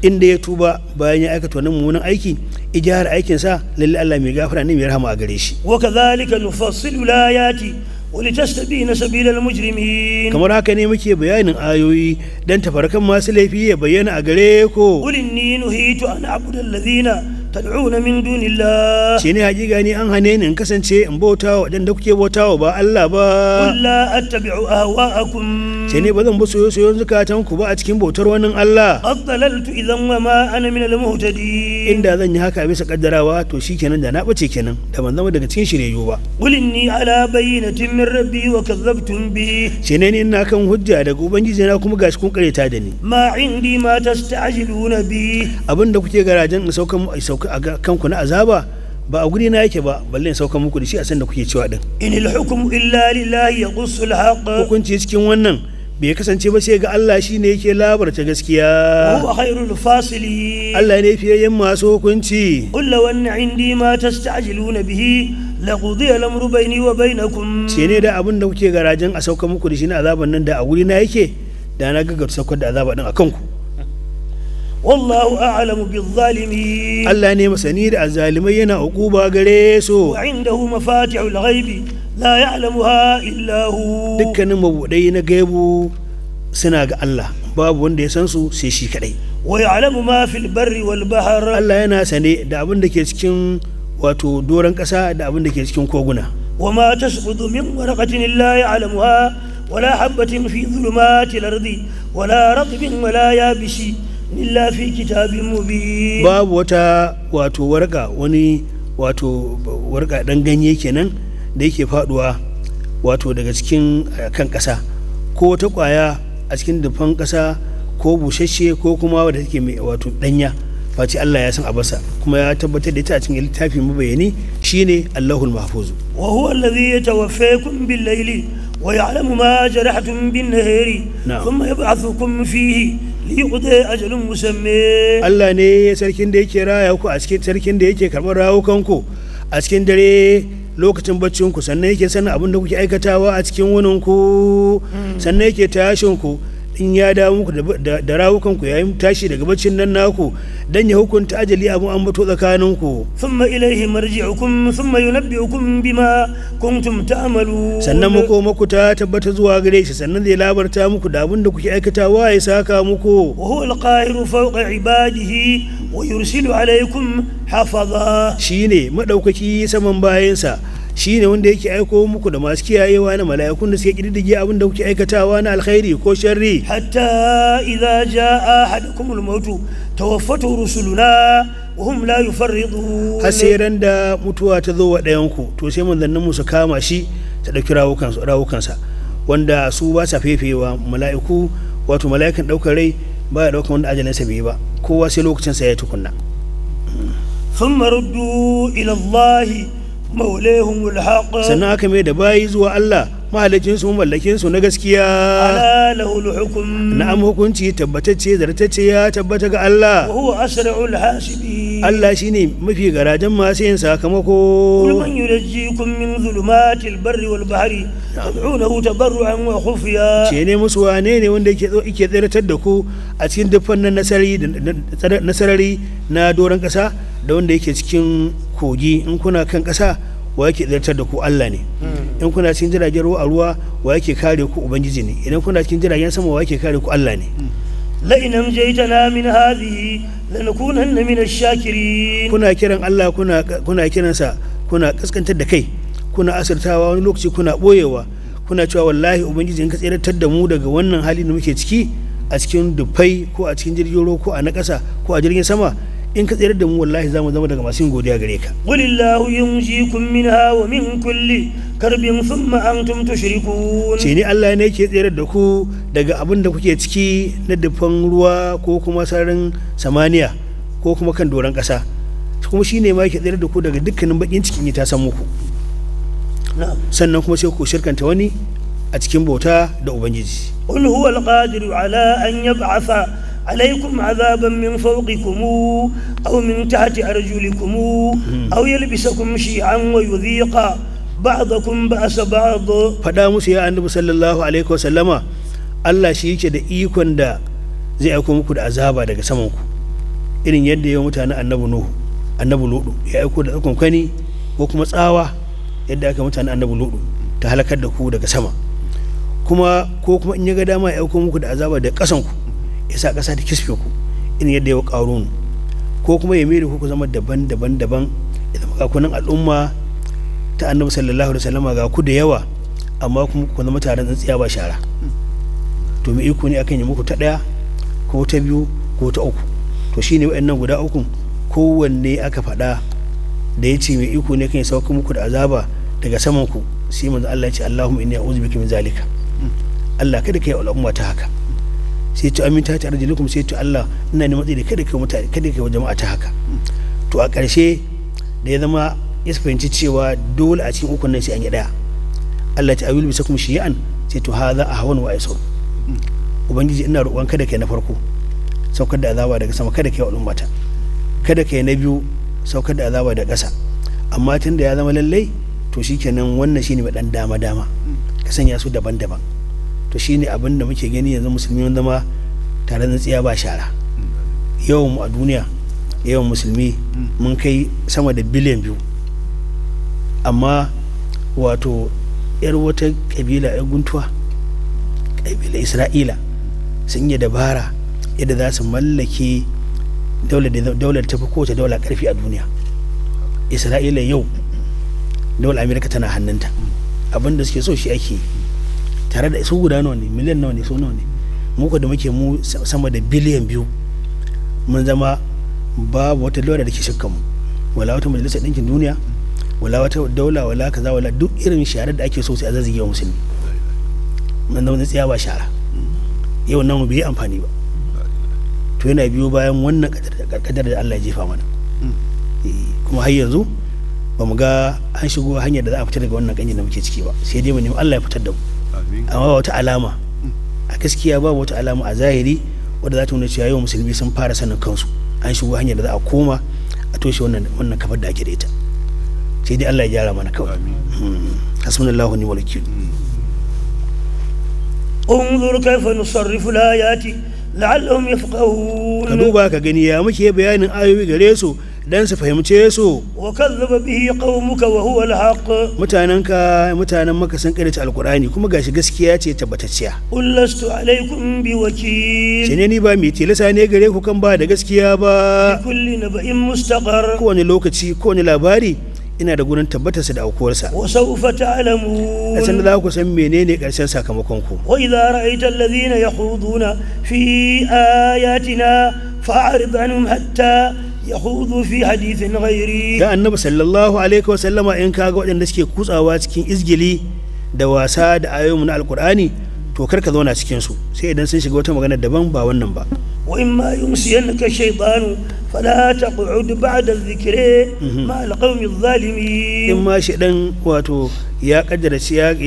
inda ya tuba bayan ya aikata wannan mummunan aiki ijihar aikinsa lalle Allah mai gafara ne mai rahama a gare shi wa kadhalika nufassilu layati wa litastabina sabilal mujrimin kamar haka ne muke bayanin ayoyi dan tafarkan masu laifi ya bayyana a gare ku qul inni nuhitu an a'budal Ladina. tad'una min dunillah shi ne hakika ni an hane ni in kasance in bauta wa kuke bautawa ba Allah ba kullu attabi'u ahwa'akum shi ne ba zan bi soyo soyon zukatan ku ba a cikin bautar wani Allah addalaltu idan wa ma ana min al-muhtadi inda zan yi haka bisa kaddarawa to shi shikenan da na bace kenan da ban zama daga cikin shiryeyu ba qul inni ala bayyinatin min rabbi wa kadzabtum bi shi ne ni kan hujja daga ubangiji na kuma gashi kun kareta da ni ma indi ma tasta'jiluna bi abinda kuke garajan in saukan sauka kanku na azaba ba a guri na yake ba balle in sauka muku da shi a san da kuke cewa din inil hukmu illa lillahi yaqsul haqq hukunci cikin wannan bai kasance ba sai ga Allah shi ne yake labarta gaskiya huwa khairul fasili Allah ne fiye yin masu hukunci qul law indi ma tastajiluna bihi la al amru bayni wa bainakum ce ne da abin da kuke garajin a sauka muku da shi na azaban nan da a guri na yake da na gaggauta saukar da azaba din a kanku. wallahu a'lamu zalimi. Allah ne masani da azzalimai yana uquba gare su wa indahu mafatihul ghaibi la ya'lamuha illa hu dukkanin mabudai na gaibu suna ga Allah babu wanda ya san su sai shi kadai wa ya'lamu ma fil barri wal bahr Allah yana sane da abin da ke cikin wato doran kasa da abin da ke cikin koguna wa ma tasqutu min waraqatin illa ya'lamuha ولا fi في ظلمات الأرض ولا رطب ولا illa fi kitabin mubin babu wata wato warga wani wato warka dan ganye kenan da yake faduwa wato daga cikin kan ƙasa ko wata kwaya a cikin dufan kasa ko busasshe ko kuma wadda take mai wato danya face Allah ya san abasa kuma ya tabbatar da ita a cikin littafi mabayani shine Allahul Mahfuz wa huwa alladhi yatawaffakum bil layli wa ya'lamu ma jarahtum bin nahari thumma fihi li ajalin musamman Allah ne sarkin da yake raya ku a cikin sarkin da yake karɓar rawukanku a cikin dare lokacin baccinku sannan yake sannan abin da kuke aikatawa a cikin wuninku hmm. sannan yake tashin ku in ya dawo muku da rawukanku yayin tashi daga baccin nan naku dan ya hukunta ajali a tsakanin tsakaninku thumma ilayhi marji'ukum thumma yunabbi'ukum bima kuntum ta'malu sannan muku ku ta tabbata zuwa gare shi sannan zai labarta muku da abin da kuke wa ya saka muku wa huwa al-qahiru fawqa ibadihi wa yursilu alaykum hafaza shine madaukaki saman bayansa shi ne wanda yake aiko muku da masu kiyayewa na mala'ikun da suke kididdige abin da kuke aikatawa na alkhairi ko sharri hatta idza jaa ahadukumul mautu tawaffatu rusuluna wahum la yufarridu hasiran da mutuwa ta zo wa ɗayanku to sai manzannin mu su kama shi ta ɗauki sa wanda su ba sa fefewa mala'iku wato mala'ikan ɗaukar rai ba ya ɗaukar wanda ajalinsa bai ba kowa sai lokacin sa ya tukunna thumma ruddu ila Allah maulahumul haq sannan aka mai da bayi zuwa Allah mahalicin su mallakin na gaskiya ala lahul hukum na'am hukunci tabbatacce zartacce ya tabbata ga Allah wa huwa asra'ul hasibi Allah shine mafi garajen masu yin sakamako kul man yurjikum min zulumatil barri wal bahri tad'unahu ne musu wane wanda yake yake da ku a cikin dukkan nasarari na doron kasa da wanda yake cikin kogi in kuna kan ƙasa wa yake zartar da ku Allah ne hmm. in kuna cikin jiragen ruwa a ruwa wa yake kare ku ubangiji ne idan kuna cikin jiragen sama wa yake kare ku Allah ne hmm. la'inan jaitana min hadhihi lanakunanna min ash-shakirin kuna kiran Allah kuna kuna sa kuna kaskantar da kai kuna asirtawa wani lokaci kuna boyewa kuna cewa wallahi ubangiji in ka tsiratar da mu daga wannan hali da muke ciki a cikin dufai ko a cikin jirgin ruwa ko a na ƙasa ko a jirgin sama in ka tsayar da mu wallahi za mu zama daga masu yin godiya gare ka qulillahu yumshikum minha wa min kulli karbin thumma antum tushrikun ce ne Allah ne yake tsayar da ku daga abin da kuke ciki na dafan ruwa ko kuma sararin samaniya ko kuma kan doron ƙasa kuma shine ma yake tsayar da ku daga dukkanin bakin cikin ya ta san muku sannan kuma sai ku shirkanta wani a cikin bauta da ubangiji qul huwa ala an yab'atha عليكم عذابا من فوقكم أو من تحت أرجلكم أو يلبسكم شيعا ويذيق بعضكم بأس بعض فدا musu ya annabi sallallahu alaihi Allah shi yake da ikon da zai aiko muku da azaba daga saman irin yadda ya mutane annabi nuhu annabi ludu ya aiko da kankani ko kuma tsawa yadda aka mutana annabi ludu ta halakar da ku daga sama ko kuma in ya ga dama ya aiko muku da azaba daga kasan ku ya sa ƙasa ta kisfe ku in yadda ya ƙarun ko kuma ya mere ku zama daban daban daban ya zama kakunan al'umma ta annabi sallallahu alaihi wasallama ga ku da yawa amma kuma ku zama taron tsintsiya ba shara to mai iko ne akan yi muku ta ɗaya ko ta biyu ko ta uku to shine waɗannan guda uku kowanne aka faɗa da ya ce mai iko ne kan ya sauka muku da azaba daga saman ku sai manzo Allah ya ce Allahumma inni a'udhu bika min zalika hmm. Allah kada kai al'umma ta haka sai ce amin ta ta arjulukum sai ce Allah ina ne matsayi da kada kai mutane kada kai jama'a ta haka to a ƙarshe da ya zama ya fahimci cewa dole a cikin ukun nan sai an yi daya Allah ta awilu bisakum shi'an sai to hadha ahwan wa aisur ubangiji ina roƙon kada kai na farko saukar da azaba daga sama kada kai wa ummata kada kai na biyu saukar da azaba daga ƙasa amma tun da ya zama lallai to shi shikenan wannan shine mai ɗan dama dama ka sanya su daban-daban to shine abin da muke gani yanzu musulmi wanda ma tare da tsiya ba shara yawan mu a duniya yawan musulmi mun kai sama da biliyan biyu amma wato yar wata kabila yar guntuwa kabila isra'ila sun yi dabara yadda za su mallake daular ta fi kowace daular karfi a duniya isra'ila yau daular amerika tana hannunta abinda suke so shi ake yi tare da su guda nawa ne miliyan nawa ne su nawa ne muku da muke mu sama da biliyan biyu mun zama babu wata lura da ke shakkan mu wala wata majalisar ɗinkin duniya wala wata daula wala kaza wala duk irin shahara da ake so sai a zazzage wa musulmi mun zama tsaya ba shara yau nan bai amfani ba to yana biyo bayan wannan kadar da Allah ya jefa mana eh, kuma har yanzu ba mu ga an shigo hanyar da za a fitar daga wannan ganyen da muke ciki ba sai dai mu nemi Allah ya fitar da mu amma wata alama a gaskiya ba wata alama a zahiri wadda za ta nuna cewa yau musulmi sun fara sanin kansu an shigo hanyar da za a koma a toshe wannan kafar da ake da ita sai dai Allah ya gyara mana kawai hmm. hasbunallahu ni wal wakil hmm. ka duba ka gani ya muke bayanin ayoyi gare su dan su fahimce su wa kazzaba bihi qaumuka wa huwa alhaq mutananka mutanen maka sun kare alqur'ani kuma gashi gaskiya ce tabbatacciya ullastu alaikum bi wakil shine ni ba mai tilasa ne gare ku kan ba da gaskiya ba kulli naba'in mustaqar ne lokaci ko ne labari ina da gurin tabbatarsa da aukuwarsa wa sawfa ta'lamu san za ku san menene karshen sakamakon ku wa idza ra'aita alladhina yakhuduna fi ayatina fa'rid anhum hatta yahudu fi hadithin ghairi ga annabi sallallahu alaihi wasallama in kaga wadanda suke kutsawa cikin izgili da wasa da ayoyinmu na alkur'ani to kar ka zauna cikin su sai idan sun shiga wata magana daban ba wannan ba wa in ma yumsiyanka shaytanu fala taq'ud ba'da dhikri mhm. ma alqawmi adh-dhalimin in ma shaydan wato ya kaddara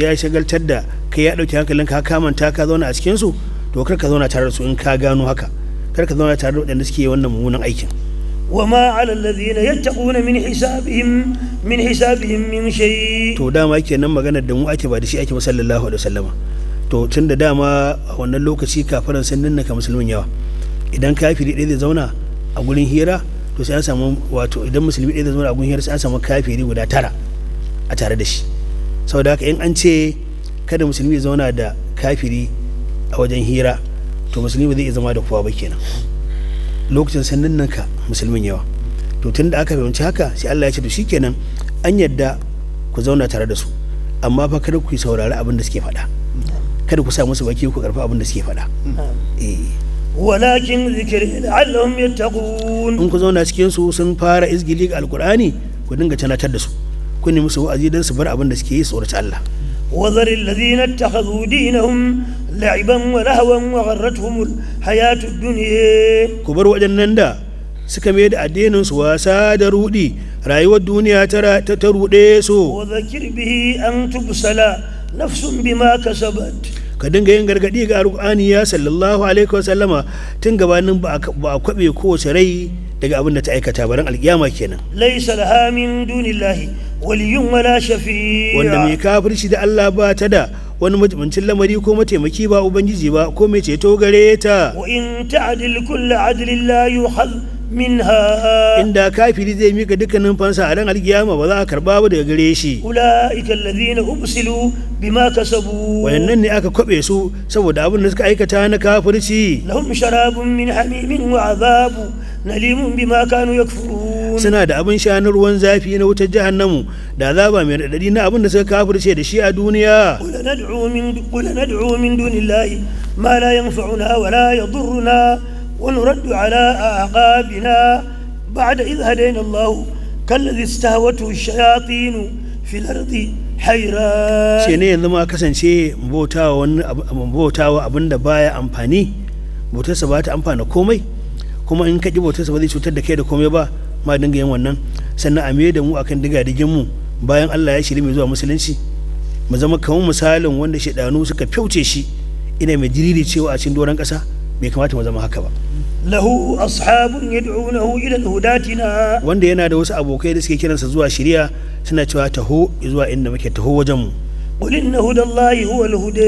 ya shagaltar da kai ya dauki hankalin ka kamanta ka zauna a cikin su to kar ka zauna tare da su in ka gano haka kar ka zauna tare da wadanda suke wannan mummunan aikin wama alallazina yattaquna min hisabihim min hisabihim min shay to dama kenan maganar da mu ake ba da shi ake sallallahu alaihi wasallama to tun da dama a wannan lokaci kafaran sun ninna ka musulmin yawa idan kafiri dai zai zauna a gurin hira to sai an samu wato idan musulmi dai zai zauna a gurin hira sai an samu kafiri guda tara a tare da shi saboda haka in an ce kada musulmi zauna da kafiri a wajen hira to musulmi ba zai iya zama da kowa ba kenan lokacin sannin nan ka musulmin yawa to tun da aka fahimci haka sai Allah ya ce to shikenan an yadda ku zauna tare da su amma fa kada ku saurari abin da suke faɗa kada ku sa musu baki ku karfa abin da suke faɗa eh. walakin zikiri la'allahum yattaqun in ku zauna cikin su sun fara izgili ga alqur'ani ku dinga tanatar da su ku nemi su wa'azi dan su bar abin da suke yi tsoraci Allah وذر الذين ittakhadhu dinahum la'iban wa lahawan wa gharratuhumul hayatud dunya Kubar bar waɗannan da suka mai da addinin su wasa da rudi rayuwar duniya ta ta rude su wa zakir bihi an tubsala nafsun bima kasabat ka dinga yin gargadi ga alqur'ani ya sallallahu alaihi wa sallama tun gabanin ba a kwabe kowace rai daga abin da ta aikata baran alkiyama kenan laysa laha min dunillahi waliyun wala shafi'a wanda mai kafirci da Allah ba ta da wani majibincin lamari ko mataimaki ba ubangiji ba ko mai ceto gare ta wa in ta'dil minha inda kafiri zai mika dukkanin fansa a ran alkiyama ba za a karba ba daga gare shi ulaika alladhina ubsilu bima kasabu wayannan ne aka kwabe su saboda abin da suka aikata na kafirci lahum sharabun min hamimin wa azabu nalimun bima kanu yakfurun suna da abin sha ruwan zafi na wutar jahannamu da azaba mai radadi na abin da suka kafirce da shi a duniya kula nad'u min qul nad'u dunillahi ma la yanfa'una wa la yadurruna wa nuraddu ala aqabina ba'da idh hadayna Allah kalladhi istahwatu ash-shayatin fil ardi haira ce ne yanzu ma kasance bautawa wani bautawa abin baya amfani bautarsa ba ta amfana komai kuma in ka ji bautarsa ba zai cutar da kai da komai ba ma dinga yin wannan sannan a da mu akan digadigin mu bayan Allah ya shiri mai zuwa musulunci mu zama kamar misalin wanda shaidanu suka fyauce shi ina mai jiriri cewa a cikin doron ƙasa bai kamata mu zama haka ba lahu ashabun yad'unahu ila hudatina wanda yana da wasu abokai da suke kiransa zuwa shiriya suna cewa taho zuwa inda muke taho wajen mu qul inna hudallahi huwal hude.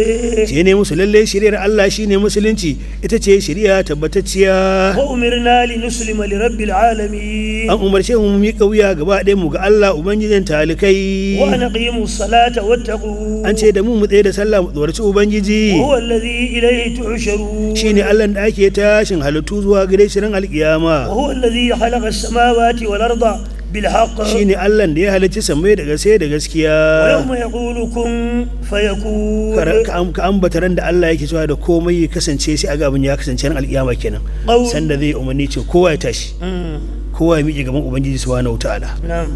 ce ne musu lalle shiriyar Allah shine musulunci ita ce shiriya tabbatacciya wa umirna li nuslima li rabbil alamin an umarce mu mi kauya gaba ɗaya mu ga Allah ubangijin talikai wa naqimu wa wattaqu an ce da mu mu tsaye da sallah mu tsorci ubangiji huwa allazi ilayhi tuhsharu shine Allah da ake tashin halittu zuwa gare shirin alkiyama wa huwa allazi khalaqa samawati wal arda بالحق شيني الله da ya halarci halicci samai da sai da gaskiya ka ambata ran da Allah yake cewa da komai ya kasance sai agabin ya kasance ran alkiyama kenan sanda zai umarni ce kowa ya tashi kowa ya miƙe gaban ubangiji subhanahu wataala na'am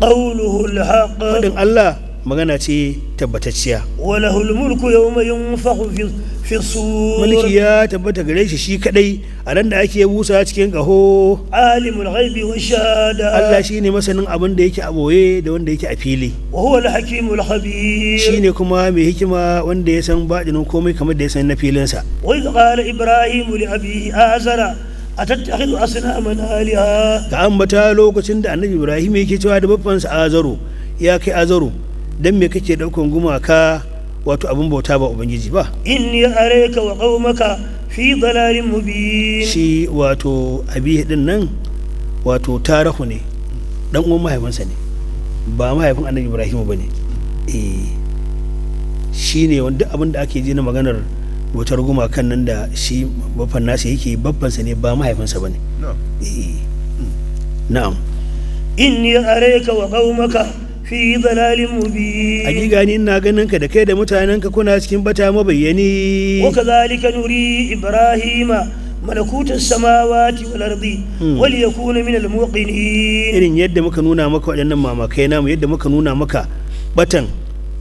qawluhu alhaq Allah magana ce tabbatacciya walahul mulku yawma yunfakhu fi sur mulki ya tabbata gare shi shi kadai a nan da ake busa cikin kaho alimul ghaibi wa shahada Allah shi ne masanin abin da yake a boye da wanda yake a fili wa huwa al hakimul shi ne kuma mai hikima wanda ya san badinin komai kamar da ya san na filin filinsa wa qala ibrahim li abihi azara atattakhidhu asnaman aliha ga ambata lokacin da annabi ibrahim yake cewa da babban sa azaro ya kai azaro dan me kake daukan gumaka wato abin bauta ba ubangiji ba In inni areka wa qaumaka fi dalalin mubin shi wato abi din nan wato tarahu ne dan uwan mahaifinsa ne ba mahaifin annabi ibrahim ba ne eh shi ne wanda abin da ake ji na maganar wutar gumakan nan da shi babban nasa yake baffansa ne ba mahaifinsa ba ne na'am In eh, mm. inni areka wa qaumaka fi dalalin mubin hakika ni ina ganin ka da kai da mutanenka kuna cikin bata mabayyani wa kadhalika nuri ibrahima malakutan samawati wal ardi hmm. wal yakuna min al muqinin irin yadda muka nuna maka waɗannan mamakai namu yadda muka nuna maka batan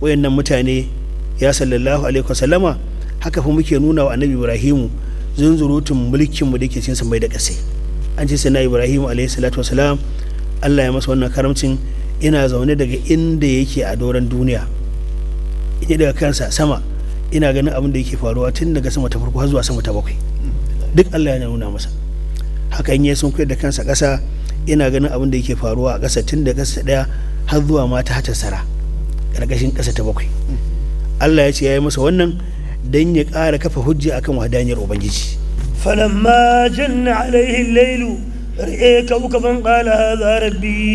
wayannan mutane ya sallallahu alaihi wasallama haka fa muke nuna wa annabi ibrahimu zunzurutun mulkin mu da yake cikin samai da kase. an ce sai na ibrahimu alaihi salatu wasalam Allah ya masa wannan karamcin ina zaune daga inda yake a doron duniya ina daga kansa sama ina ganin abin da yake faruwa tun daga sama ta farko har zuwa sama ta bakwai duk Allah ya nuna masa haka in ya sun da kansa ƙasa ina ganin abin da yake faruwa a ƙasa tun daga ƙasa ɗaya har zuwa ma ta sara ƙarƙashin ƙasa ta bakwai Allah ya ce ya yi masa wannan don ya ƙara kafa hujja akan wadaniyar Ubangiji. falamma janna alaihi lailu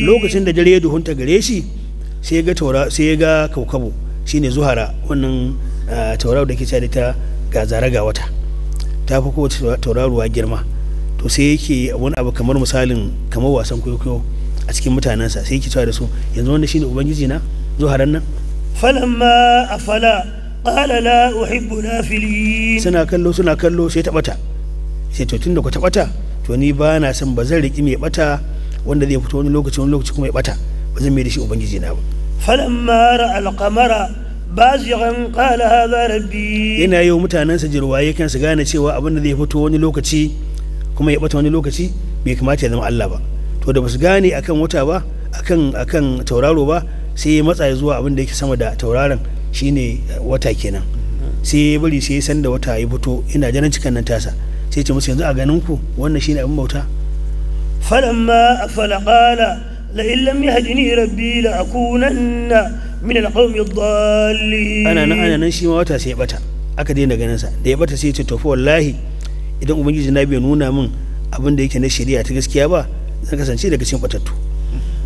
lokacin da dare ya duhunta gare shi sai ya ga taura sai ya ga kaukabo shine zuhara wannan tauraro da ke cari ta ga zara ga wata ta fi kowace tauraruwa girma to sai yake wani abu kamar misalin kamar wasan kwaikwayo a cikin mutanensa sai yake cewa da su yanzu wanda shine ubangiji na zuharan nan falamma afala qala la uhibbu nafilin suna kallo suna kallo sai ta sai to da ku ta to ni ba na san ba zan riƙi mai bata wanda zai fito wani lokaci wani lokaci kuma ya bata ba zan mai da shi ubangiji na ba falamma ra alqamara bazighan qala hadha rabbi yana yau mutanansa jirwaye kan su gane cewa abin da zai fito wani lokaci kuma ya bata wani lokaci bai kamata ya zama Allah ba to da basu gane akan wata ba akan akan tauraro ba sai ya matsa zuwa abin da yake sama da tauraron shine eh, wata kenan sai ya bari sai ya san da wata ya fito ina jaran cikan nan tasa sai ce musu yanzu a ganin ku wannan shine abin bauta falamma afala qala la in lam yahdini rabbi la akunanna min alqawmi ad-dallin ana ana nan shi ma wata sai ya bata aka daina ganin sa da ya bata sai ya ce to fa wallahi idan ubangiji na bai nuna min abin da yake na shari'a ta gaskiya ba zan kasance daga cikin batattu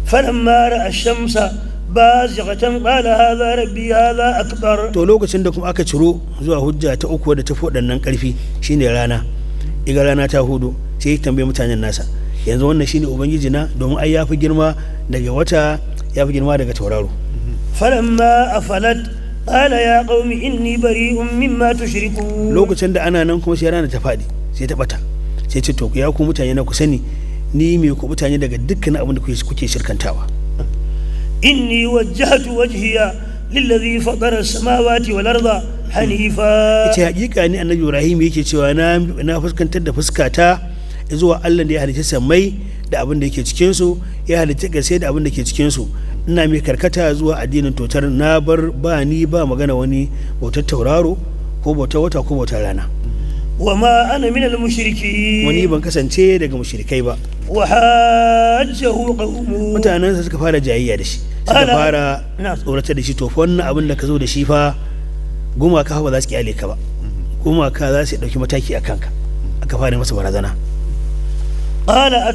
falamma ra'a shamsa bazighatan qala hadha rabbi hadha akbar to lokacin da kuma aka ciro zuwa hujja ta uku da ta nan karfi shine rana iga rana ta hudu sai ya tambaye mutanen nasa yanzu wannan shine ubangiji na domin ai yafi girma daga wata yafi girma daga tauraro falamma afalat qala ya qaumi inni bari'un mimma tushrikun lokacin da ana nan kuma sai rana ta fadi sai ta bata sai ce to ya ku mutane na ku sani ni mai ku mutane daga dukkan abin da kuke shirkantawa inni wajjahtu wajhiya lillazi fatara samawati wal arda hanifa ita hakika ne annabi ibrahim yake cewa na na fuskantar da fuskata zuwa Allah da ya halicci sammai da abin da yake cikin su ya halitta gaske da abin da ke cikin su ina mai karkata zuwa addinin totar na bar ba ni ba magana wani bautar tauraro ko bautar wata ko bautar rana wa ma ana min al mushriki wani ban kasance daga mushrikai ba wa hajjahu qawmu mutanansa suka fara jayayya da shi suka fara tsorata da shi to wannan abin da ka zo da shi fa gumaka ba za su kyale ka ba gumaka za su ɗauki mataki a kanka aka fara masa barazana ala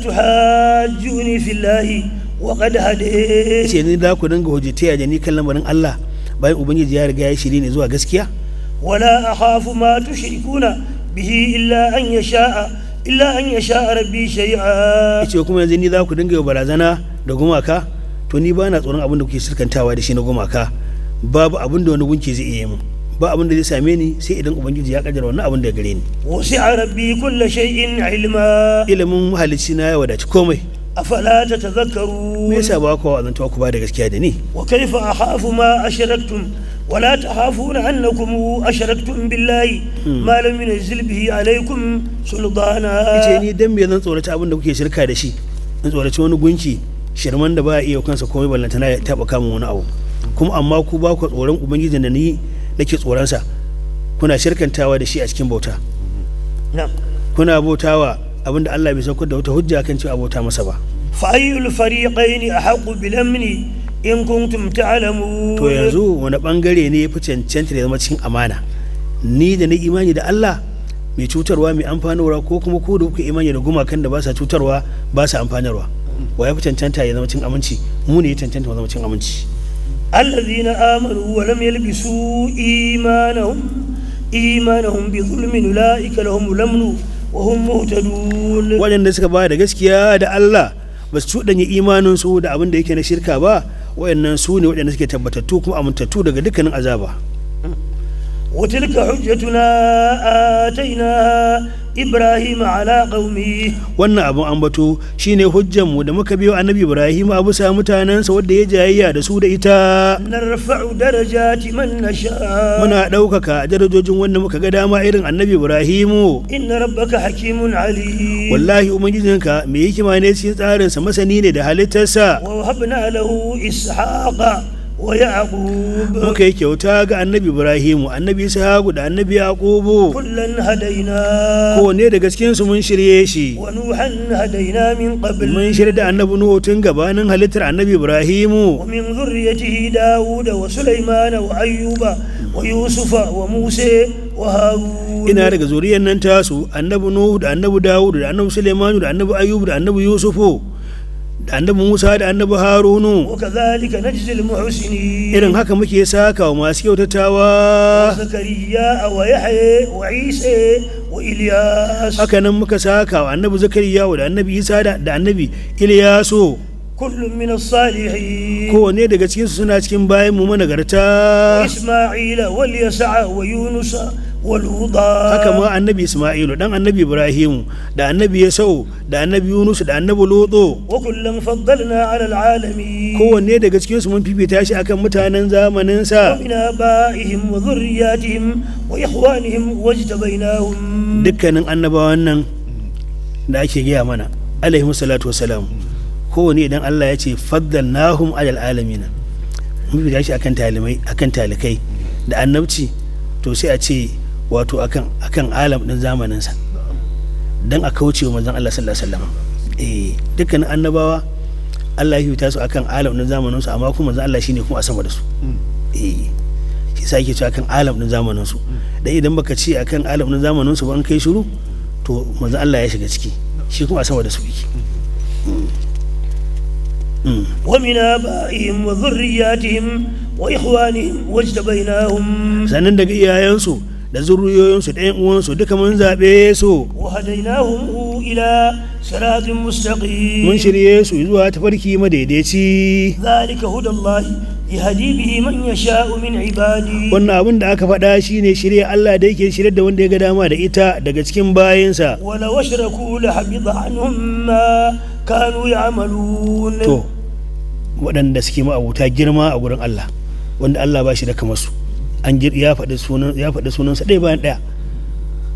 juni fillahi wa qad hadayni ce ni da ku dinga hujjatiya da ni kan lamarin Allah bayan ubangiji ya riga ya shiri ne zuwa gaskiya wala akhafu ma tushrikuna bihi illa an yasha'a illa an rabbi shay'a ce kuma yanzu ni za ku dinga barazana da gumaka to ni ba na tsoron abin da kuke shirkantawa da shi na gumaka babu abin da wani gunki zai iya yi mu ba abin da zai same ni sai idan ubangiji ya kaddara wannan abin da gare ni wasi arabi kullu shay'in ilma ilimin mahalicci na ya wadaci komai afala ta tazakkaru me yasa ba ku azantawa ku ba da gaskiya da ni wa kaifa ahafu ma ashraktum ولا تخافون أنكم أشركتم بالله ما لم ينزل به عليكم سلطانا ce ni dan me zan tsorata abin da kuke shirka da shi in tsoraci wani gunki shirman da ba iya kansa komai ballantana ya taba kamun wani abu kuma amma ku ba ku tsoron ubangijin da ni nake tsoronsa kuna shirkantawa da shi a cikin bauta kuna bautawa abinda Allah bai saukar da wata hujja kan cewa bauta masa ba fa ayyul fariqaini ahqqu bil amni in kuntum ta'lamun to yanzu wani bangare ne yafi cancanta da zama cikin amana ni da na imani da Allah mai cutarwa mai amfanarwa ko kuma ko da kuka imani da gumakan da ba sa cutarwa ba sa amfanarwa wa yafi cancanta ya zama cikin aminci mu ne ya cancanta mu zama cikin aminci allazina amanu wa lam yalbisu imanahum imanahum bi zulmin ulaika lahum lamnu wa hum waɗanda suka bada gaskiya da Allah ba su cuɗanya imanin su da abin da yake na shirka ba waɗannan su ne waɗanda suke tabbatattu kuma amintattu daga dukkanin azaba Wutilka hujjatuna a Taina Ibrahim ala qaumi wannan abun ambato shine hujjan mu da muka biyo annabi Ibrahim a sa mutanensa wanda ya jayayya da su da ita narfa'u darajati man nasha muna daukaka darajojin wanda muka ga dama irin annabi Ibrahimu. inna rabbaka hakimun ali wallahi ubangijinka mai hikima ne cikin tsarin sa masani ne da halittarsa wa habna lahu ishaqa muka yi kyauta ga annabi ibrahimu annabi ishaqu da annabi yaqubu kullan kowane da cikin su mun shirye shi wa nuhan mun shirye da annabi nuhu tun gabanin halittar annabi ibrahimu wa min zurriyatihi daud wa sulaiman wa ayyuba wa yusufa wa musa wa harun ina daga zuriyar nan tasu annabi nuhu da annabi daud da annabi sulaiman da annabi ayyub da annabi yusufu da annabi Musa da annabi Harunu wakazalika najzil muhsinin irin haka muke saka wa masu kyautatawa zakariya wa yahya wa isa wa ilyas haka nan muka saka wa annabi zakariya da annabi isa da annabi ilyaso kullum min salihin kowane daga cikinsu suna cikin bayan mu managarta isma'ila wal yas'a wa yunusa haka ma annabi isma'ilu dan annabi ibrahimu da annabi yasau da annabi yunus da annabi lotso kowanne daga cikin su mun fifita shi akan mutanen zamanin sa wa dukkanin annabawan nan da ake gaya mana alaihi salatu wassalam kowanne idan Allah ya ce faddalnahum alal alalamin mun fifita shi akan talimai akan talikai da annabci to sai a ce wato akan akan alam din zamaninsa don a kauce wa manzon Allah sallallahu alaihi wasallam eh dukkan annabawa Allah ya su akan alam din zamanin su amma kuma manzon Allah shine kuma a sama da su eh shi sai yake cewa akan alam din zamanin su dan idan baka ce akan alam din zamanin su ba an kai shiru to manzon Allah ya shiga ciki shi kuma a sama da su yake ومن آبائهم وذرياتهم وإخوانهم واجتبيناهم سنندق إياه ينسو da zuriyoyinsu da uwansu duka mun zaɓe su wahadainahum ila siratin mun shirye su zuwa tafarki madaidaici zalika hudallahi yahdi bihi manya yasha'u min ibadi wannan abin da aka faɗa shine shirye Allah da yake shirye da wanda ya ga dama da ita daga cikin bayansa wala washraku la habida a ma kanu ya'malun to waɗanda suke ma'abuta girma a gurin Allah wanda Allah ba shi da kamar an ya faɗi sunan ya sunansa ɗaya bayan ɗaya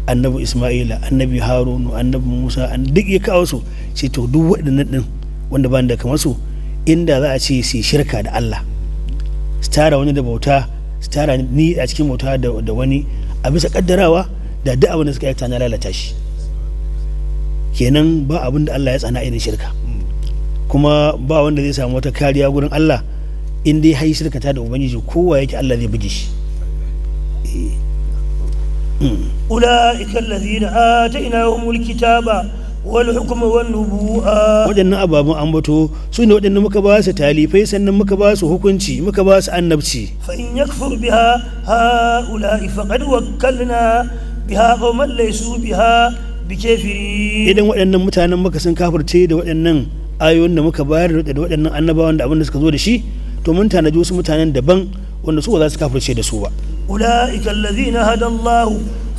annabi isma'ila annabi harunu annabi musa an duk ya kawo su ce to duk waɗannan ɗin wanda ba da kamar su inda za a ce su shirka da Allah su tara wani da bauta su tara ni a cikin bauta da wani a bisa kaddarawa da duk abin da suka na lalata shi kenan ba abin da Allah ya tsana irin shirka kuma ba wanda zai samu wata kariya gurin Allah in dai hai shirka ta da ubangiji kowa yake Allah zai buge shi به أولئك الذين آتيناهم الكتاب والحكم والنبوءة waɗannan ababen ambato su ne waɗanda muka ba su talifai sannan muka ba su hukunci muka ba su annabci fa in yakfur biha haula'i faqad wakkalna biha qauman laysu biha bikafiri idan waɗannan mutanen muka sun kafirce da waɗannan ayoyin da muka bayar da waɗannan annabawan da abin da suka zo da shi to mun tanaji wasu mutanen daban wanda su ba za su kafirce da su ba أولئك الذين هدى الله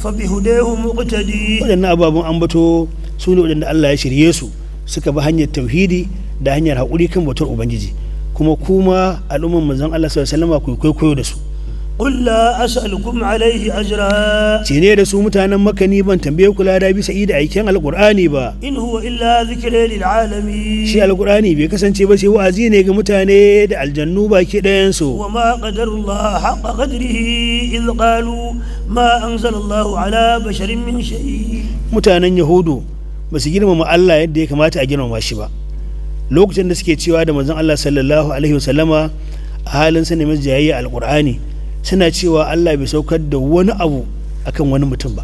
فبهداه مقتدي bato su ne سوني ودنا الله يشير يسو suka bi hanyar tauhidi da hanyar haƙuri kan bautar ubangiji kuma kuma al'umman manzon Allah sallallahu alaihi wasallam ku kwaikwayo da su Ƙulla as'alukum alaihi ajra ce ne da su mutanen makani ban tambaye ku lada bisa da aikin alƙur'ani ba in huwa illa zikire lil alami shi alƙur'ani bai kasance ba sai wa'azi ne ga mutane da aljannu baki ɗayan su wa ma qadarullah haqqa qadrihi id qalu ma anzalallahu ala basharin min shay mutanen yahudu ba su girmama Allah yadda ya kamata a girmama shi ba lokacin da suke cewa da manzon Allah sallallahu alaihi sallama a halin sa ne masjayayya alƙur'ani suna cewa Allah bai saukar da wani abu akan wani mutum ba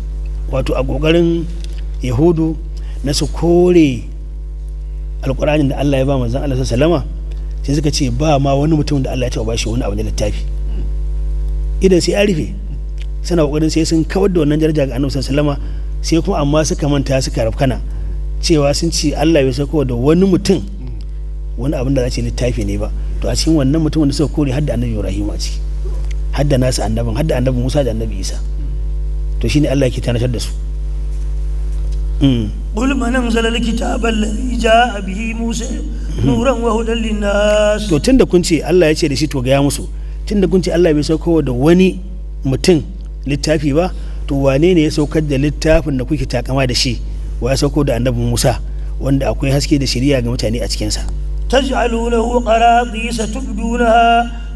wato a ƙoƙarin yahudu na su kore alƙur'anin da Allah ya ba manzon Allah sallama sai suka ce ba ma wani mutum da Allah ya taɓa shi wani abu na littafi idan sai ya rufe suna ƙoƙarin sai sun kawar da wannan daraja ga annabi sallama sai kuma amma suka manta suka rafkana cewa sun ce Allah bai saukar da wani mutum wani abin da za ce littafi ne ba to a cikin wannan mutum wanda suka kore har da annabi Ibrahim a ciki hadda nasu annabin hadda annabin musa da annabi isa to shine allah yake tanatar da su قل من انزل الكتاب الذي جاء به موسى نورا وهدى للناس to tunda kun ce Allah ya ce da shi to ga ya musu da kun ce Allah bai sauko da wani mutum littafi ba to wane ne ya saukar da littafin da kuke takama da shi wa ya sauko da annabi Musa wanda akwai haske da shari'a ga mutane a cikin sa taj'alunahu qaradisa tubdunaha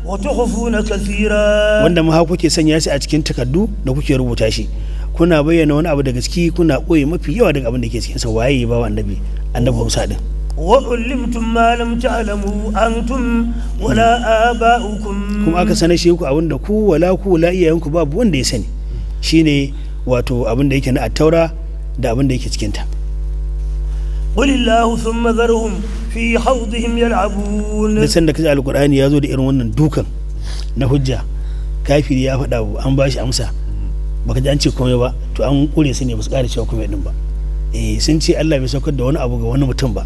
wanda ma kuke sanya shi a cikin takardu da kuke rubuta shi kuna bayyana wani abu da gaski kuna ɓoye mafi yawa daga abin da ke cikin sa waye ba wa annabi annabi Musa din wa ulimtum ma lam ta'lamu antum wala aba'ukum kuma aka sanar shi ku abin da ku wala ku wala iyayenku babu wanda ya sani shine wato abin da yake na attaura da abin da yake cikin ta qulillahu thumma zarhum fi hawdihim yal'abun da san da kaji ya zo da irin wannan dukan na hujja kafiri ya faɗa an ba shi amsa ba ka ji an ce komai ba to an ƙure su ne ba su ƙara cewa komai ɗin ba eh sun ce Allah bai saukar da wani abu ga wani mutum ba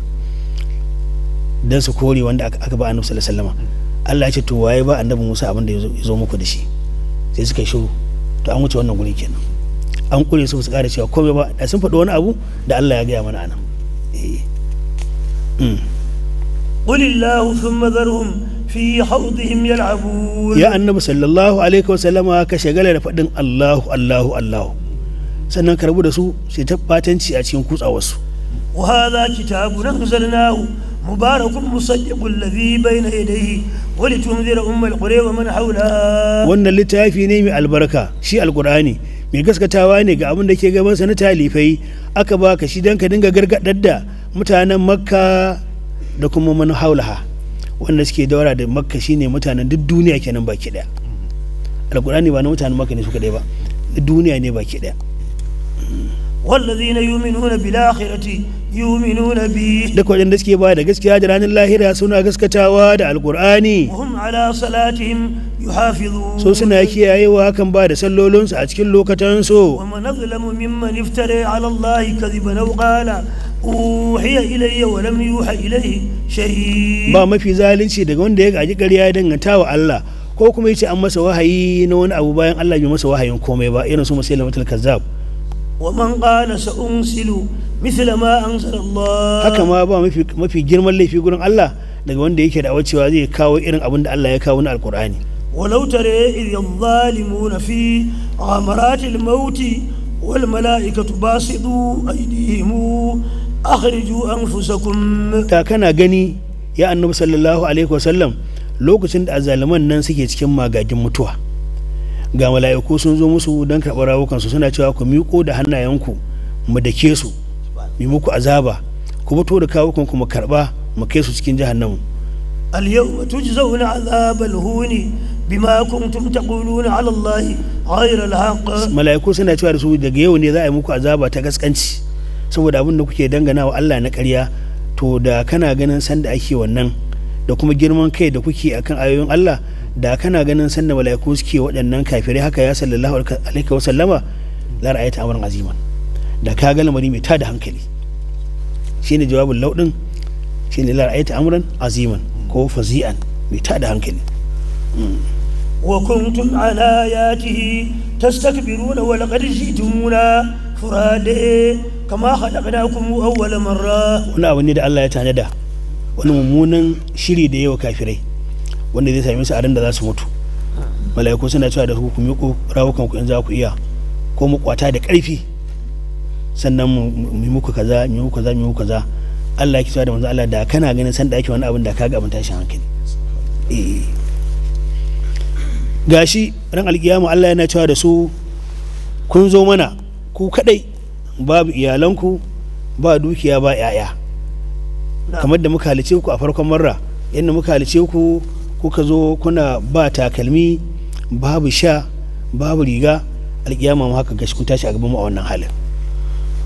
don su kore wanda aka ba annabi sallallahu alaihi wasallam Allah ya ce to waye ba annabi Musa abin da ya zo muku da shi sai suka shiru to an wuce wannan guri kenan an ƙure su ba su ƙara cewa komai ba da sun faɗi wani abu da Allah ya gaya mana anan قل الله ثم ذرهم ya annabi sallallahu alaihi wasallama ka shagala da faɗin Allahu Allahu Allahu sannan karbu da su sai ta fatanci a cikin kutsawarsu wa hadha kitabun anzalnahu mubarakun musaddiqul ladhi bayna yadayhi wa litunzira ummal qura wa man hawlaha wannan littafi ne mai albarka shi alqur'ani mai gaskatawa ne ga abin da ke gabansa na talifai aka baka shi don ka dinga gargaɗar da mutanen makka da kuma man haulaha wanda suke daura da makka shine mutanen duk duniya kenan baki daya alkur'ani ba na mutanen makka ne su kadai ba duniya ne baki daya والذين يؤمنون بالآخرة yu'minuna bi da waɗanda suke ba da gaskiya da ranar lahira suna gaskatawa da alkur'ani hum ala salatihim yuhafizun so suna kiyayewa kan ba da sallolinsu a cikin lokacin su wa man mimman uhiya ilayya ba mafi zalunci daga wanda ya gaji ƙarya ya danganta wa Allah ko kuma yace an masa wahayi na wani abu bayan Allah bai masa wahayin komai ba irin su musailatul kazzab ومن قال سأنزل مثل ما أنزل allah. haka ma ba mafi mafi girman laifi gurin Allah daga wanda yake da wacewa zai kawo irin abin da Allah ya kawo na alkur'ani walau tare idh yadhalimuna fi ghamaratil mauti wal malaikatu basidu aydihim akhriju anfusakum ta kana gani ya annabi sallallahu alaihi wasallam lokacin da azaliman nan suke cikin magagin mutuwa ga mala'iku sun zo musu don karɓar rawukansu suna cewa ku miƙo da hannayenku mu dake su mu muku azaba ku fito da ku mu karɓa mu kai su cikin jahannamu azab al huni bima kuntum taquluna ala allah ghayra al haqq mala'iku suna cewa da su daga yau ne za a yi muku azaba ta gaskanci saboda abin da kuke dangana wa Allah na ƙarya to da kana ganin sanda ake wannan da kuma girman kai da kuke akan ayoyin Allah da kana ganin sanda mala'iku suke waɗannan kafirai haka ya sallallahu alaihi wa sallama la ra'aita amran aziman da ka ga lamari mai tada hankali shine jawabin laudin shine la ra'aita amran aziman ko fazi'an mai tada hankali wa kuntum ala yatihi tastakbiruna wa laqad jitumuna furade kama khalaqnakum awwala marra wani abu ne da Allah ya tanada wani mummunan shiri da yawa kafirai wanda zai same su a da za su mutu mala'iku suna cewa da ku miƙo rawukan ku in za ku iya ko mu kwata da ƙarfi sannan mu muku kaza mu muku kaza mu muku kaza Allah yake cewa da manzo Allah da kana ganin san da ake wani abin da kaga abin tashin hankali eh gashi ran alkiyama Allah yana cewa da su kun zo mana ku kadai babu iyalanku ba dukiya ba yaya kamar da muka halice ku a farkon marra yadda muka halice ku kuka zo kuna ba takalmi babu sha babu riga alkiyama ma haka gashi kun tashi a gaban mu a wannan halin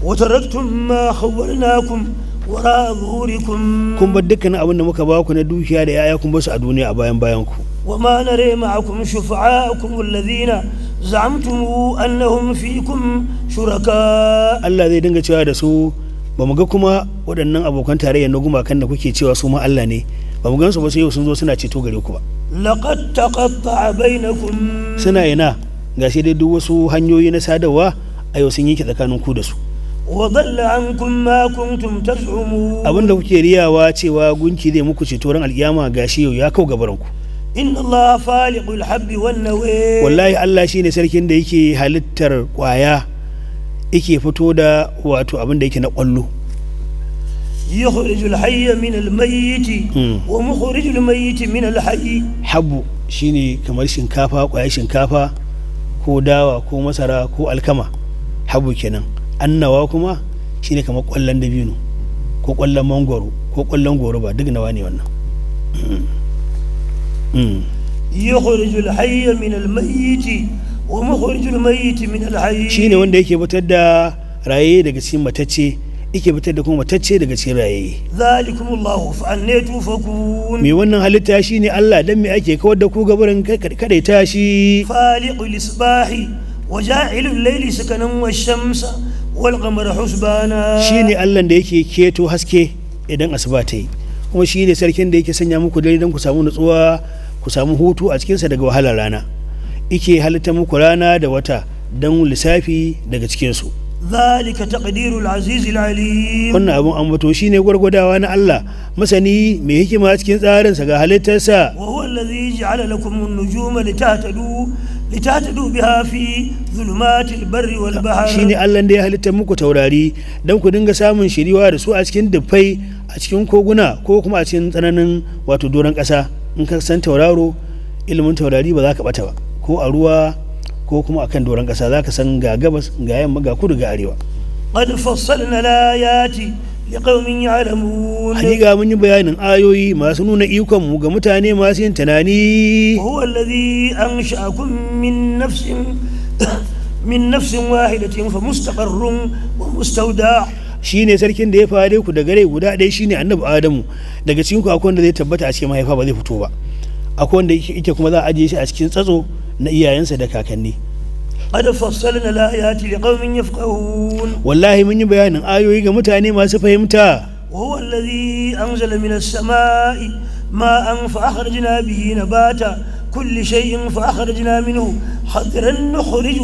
Wata raktun ma kun wara zuhurikum kun bar dukkanin abin da muka ba ku na dukiya da yaya kun basu a duniya a bayan bayan ku wa ma nare ma'akum shufa'akum alladhina za'amtum annahum fikum shuraka Allah zai dinga cewa da su ba mu ga kuma waɗannan abokan tarayya na gumakan da kuke cewa su ma Allah ne ba mu gansu ba sai yau sun zo suna ceto gare ku ba laqad taqatta bainakum suna ina ga sai dai duk wasu hanyoyi na sadarwa a yau sun yi ki tsakanin ku da su wa dhalla ankum ma kuntum taz'umun abinda kuke riyawa cewa gunki zai muku ceto ran alkiyama shi yau ya kau gabaran ku inna allaha faliqul habbi wan nawi wallahi Allah shine sarkin da yake halittar kwaya yake fito da wato abin da yake na ƙwallo yukhrijul hayya min almayyiti hmm. wa mukhrijul mayyiti min alhayy habu shine kamar shinkafa kwaya shinkafa ko dawa ko masara ko alkama habu kenan annawa kuma shine kamar ƙwallon dabino ko ƙwallon mangoro ko ƙwallon goruba duk nawa ne wannan hmm. Hmm. yukhrijul hayya min almayyiti wa makhrijul mayyit min shine wanda yake batar da raye daga cikin matacce yake fitar da kuma matacce daga cikin raye zalikumullahu fa anna tufakun me wannan halitta shine Allah dan me ake kawar da ku gabarin kadaita shi faliqul isbahi wa ja'ilul layli sukanan wash-shamsa wal qamara husbana shine Allah da yake keto haske idan asuba ta yi kuma shine sarkin da yake sanya muku dare dan ku samu nutsuwa ku samu hutu a cikinsa daga wahalar rana ike halitta muku rana da wata don lissafi daga cikinsu zalika taqdirul azizil alim wannan abun ambato shine gwargwadawa na Allah masani mai hikima cikin tsarin sa ga halittarsa wa huwa zai ja'ala lakum an-nujuma litahtadu litahtadu biha fi zulumatil barri wal bahr shine Allah da ya halitta muku taurari dan ku dinga samun shiriwa da su a cikin dufai a cikin koguna ko kuma a cikin tsananin wato doron kasa in ka san tauraro ilimin taurari ba za ka bata ba ko a ruwa ko kuma a kan doron ƙasa za ka san ga gabas ga yamma ga kudu ga arewa قد فصلنا الآيات لقوم يعلمون حقيقة من بيان ikon ما ga إيكم وقمتاني ما سنتناني هو الذي shine sarkin da ya fare ku daga rai guda ɗaya shine annabi adamu daga cikin ku akwai wanda zai tabbata a cikin mahaifa ba zai fito ba akwai wanda yake kuma za a ajiye shi a cikin tsatso na iyayensa da kakanni qad fassalna al-ayati liqaumin yafqahun wallahi mun yi bayanin ayoyi ga mutane masu fahimta wa huwa alladhi anzala minas samai ma'an fa akhrajna bihi nabata كل شيء فأخرجنا منه حذرا نخرج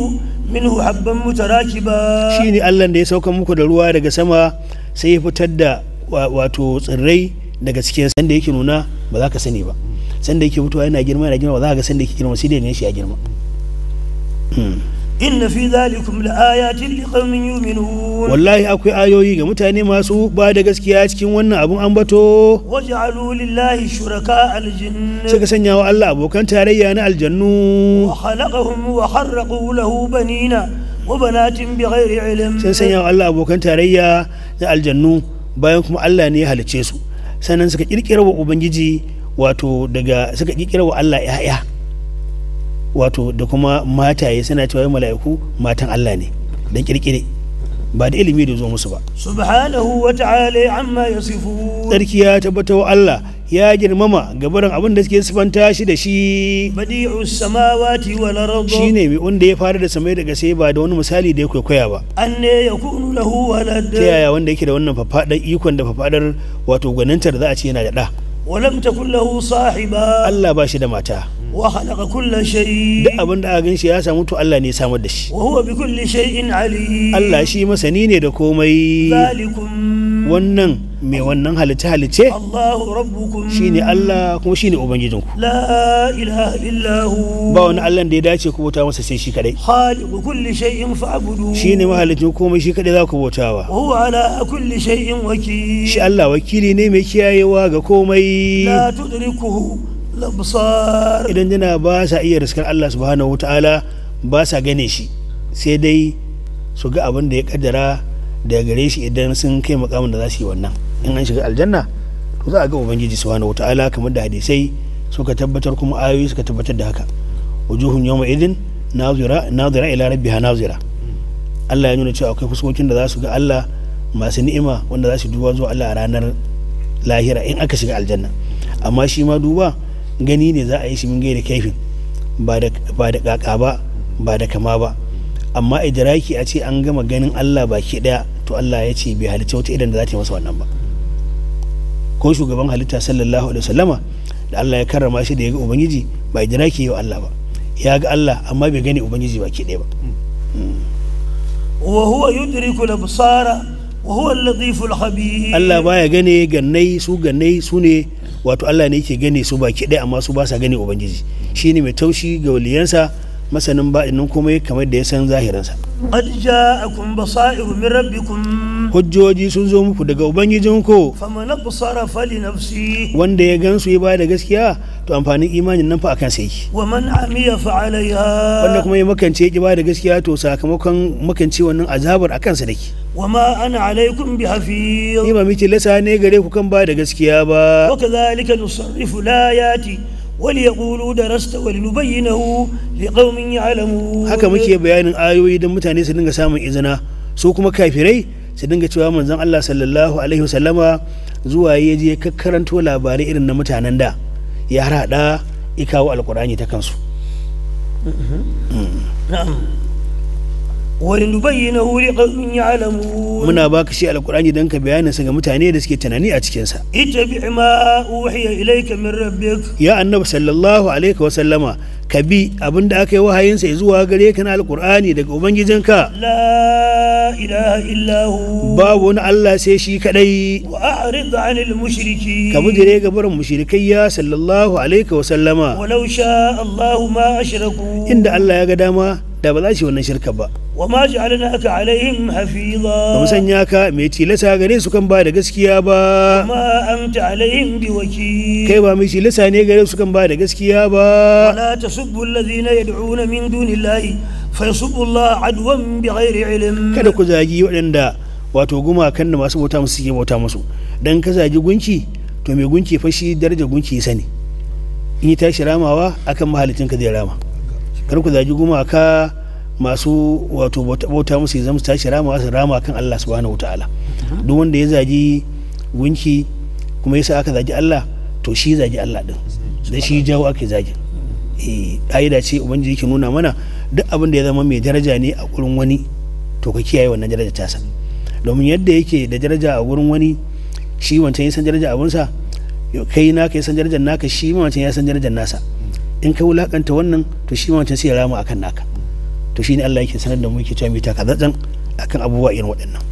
منه حبا متراكبا شيني الله da ya sauka muku da ruwa daga sama sai ya fitar da wato tsirrai daga cikin sanda yake nuna ba za ka sani ba sanda yake mutuwa yana girma yana girma ba za ka ga sanda yake girma sai dai ne shi ya girma inna fi zalikum laayatin liqaumin yu'minun wallahi akwai ayoyi ga mutane masu ba da gaskiya cikin wannan abun ambato waj'alu lillahi shuraka aljinn suka sanya Allah abokan tarayya na aljannu wa khalaqahum wa harraqu lahu banina wa banatin bighairi ilm sanya Allah abokan tarayya na aljannu bayan kuma Allah ne ya halicce su sannan suka kirkira wa ubangiji wato daga suka kikira wa Allah ya'ya wato da kuma mataye suna cewa mala'iku matan Allah ne dan kirkire ba da ilimi da zo musu ba subhanahu wa ta'ala amma yasifu sarki ya tabbata wa Allah ya girmama gabaran abin da suke sifanta shi da shi badi'u samawati wal ardh shine mai wanda ya fara da samai daga sai ba da wani misali da ya kwaikwaya ba anne yakunu lahu walad ta yaya wanda yake da wannan fafadar ikon da fafadar wato gwanintar za a ce yana da da walam takun lahu sahiba Allah ba shi da mata wa halaka kulla shay da abin da aka ganshi ya samu to Allah ne ya samar da shi wa huwa bi kulli shay'in alim Allah shi masani ne da komai zalikum wannan mai wannan halitta halice Allahu rabbukum shine Allah kuma shine ubangijinku la ilaha illa hu ba wani Allah da ya dace ku bauta masa sai shi kadai khaliqu kulli shay'in fa'budu shine mahalicin komai shi kadai za ku wa huwa ala kulli shay'in wakil shi Allah wakili ne mai kiyayewa ga komai la tudrikuhu labsar idan jina ba sa iya riskar Allah subhanahu wataala ba sa gane shi sai dai su ga abin da ya kaddara daga gare shi idan sun kai makamin da za su yi wannan in an shiga aljanna to za a ga ubangiji subhanahu wataala kamar da hadisai suka tabbatar kuma ayoyi suka tabbatar da haka wujuhun yawma idin nazira nazira ila rabbiha nazira Allah ya nuna cewa akwai fuskokin da za su ga Allah masu ni'ima wanda za su duba zuwa Allah a ranar lahira in aka shiga aljanna amma shi ma duba gani ne za a yi shi min da kaifin ba da kaka ba ba da kama ba amma idraki a ce an gama ganin Allah baki daya to Allah ya ce bai halitta wata idan da za ta yi masa wannan ba ko shugaban halitta sallallahu alaihi wasallama da Allah ya karrama shi da ya ga ubangiji ba idraki yau Allah ba ya ga Allah amma bai gani ubangiji baki daya ba wa huwa yudriku al-absara wa huwa al Allah baya gane gannai su gannai su ne wato Allah ne yake gane su baki ɗaya amma su ba sa gane ubangiji shine mai taushi ga waliyansa masanin ba'inin komai kamar da ya san zahirinsa qad ja'akum basairu min kun. hujjoji sun zo muku daga ubangijin ubangijinku na absara fali nafsi wanda ya gansu ya bada gaskiya to amfanin imanin nan fa akan sai wa man amiya fa alaiha wanda kuma ya makance ya bada gaskiya to sakamakon makance wannan azabar akan sa dake wa ma ana alaikum bi hafiz ni ba miki lasa ne gare ku kan bada gaskiya ba wa kadhalika nusarrifu layati وليقولوا درست ولنبينه لقوم يعلمون haka muke bayanin ayoyi don mutane su dinga samun izina su kuma kafirai su dinga cewa manzon Allah sallallahu alaihi wasallama zuwa ya je kakkaranto labarai irin na mutanen da ya hada ya kawo alkurani ta kansu mm-hmm. ولنبينه لقوم يعلمون muna baka shi alkur'ani dan ka bayanin sa ga mutane da suke tunani a cikin sa ittabi ma uhiya ilayka min rabbik ya annabi sallallahu alaihi wa sallama ka bi abinda aka yi wahayin sa zuwa gare ka na alkur'ani daga ubangijinka la ilaha illa hu babu wani Allah sai shi kadai wa a'rid 'anil mushriki ka bujire ga barin mushrikai ya sallallahu alaihi wa sallama walau sha Allahu ma ashraku inda Allah ya ga dama da ba za su yi wannan shirka ba wa ma aka alaihim hafiza ba sanya ka mai tilasa gare su kan ba da gaskiya ba ma anta alaihim biwakil kai ba mai tilasa ne gare su kan ba da gaskiya ba wala tasubbu alladhina yad'una min dunillahi yasubbu Allah adwan ghairi ilm kada ku zagi waɗanda wato gumakan da masu bauta musu suke bauta musu dan ka zagi gunki to mai gunki fashi daraja gunki sani in yi tashi ramawa akan ka zai rama kar ku zagi gumaka masu wato bauta musu ya zama tashi rama su rama kan Allah subhanahu wataala duk wanda ya zagi gunki kuma yasa aka zagi Allah to shi zagi Allah din da shi jawo ake zagi eh, ƙa'ida ce ubangiji yake nuna mana duk abin da ya zama mai daraja ne a gurin wani to ka kiyaye wannan daraja tasa domin yadda yake da daraja a wurin wani shi wancan ya san daraja abunsa kai naka ya san darajar naka shi wancan ya san darajar nasa in ka wulakanta wannan to shi ma wancan sai ya rama akan naka to ne Allah yake sanar da mu yake cewa mu ta kazatsan akan abubuwa irin waɗannan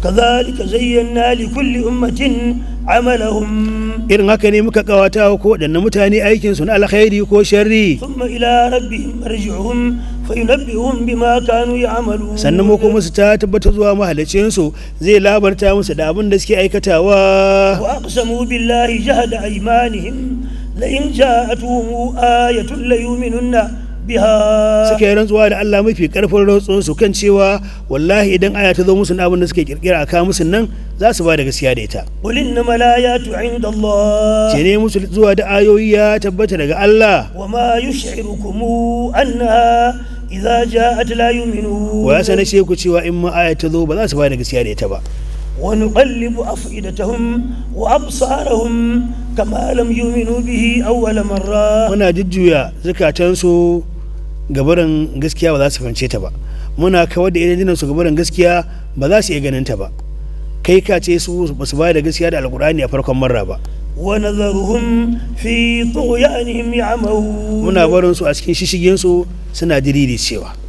kazalika zayyana li kulli ummatin amalahum irin haka ne muka kawata ko waɗannan mutane aikin su na alkhairi ko sharri thumma ila rabbihim marji'uhum bima kanu sannan mu kuma ta tabbata zuwa mahalicin su zai labarta musu da abin da suke aikatawa wa aqsamu billahi jahada aymanihim la'in ja'atuhum ayatun la yu'minunna biha suka yi rantsuwa da Allah mafi karfin rantsuwar su kan cewa wallahi idan aya ta zo musu na abin da suke kirkira ka musu nan za su ba da gaskiya da ita qul inna malayatu inda Allah ce ne musu zuwa da ayoyi ya tabbata daga Allah wa ma yush'irukum anna idza ja'at la yu'minun wa sana ce ku cewa in ma aya ta zo ba za su ba da gaskiya da ita ba ونقلب أفئدتهم وأبصارهم كما لم يؤمنوا به أول مرة muna jujjuya zukatansu gabaran gaskiya ba za su fahimce ta ba muna kawar da idanun su gabaran gaskiya ba za su iya ganin ta ba kai ka ce su ba da gaskiya da alkur'ani a farkon marra ba wa nazaruhum fi tughyanihim ya'mahu muna barin a cikin shishigin suna diriri cewa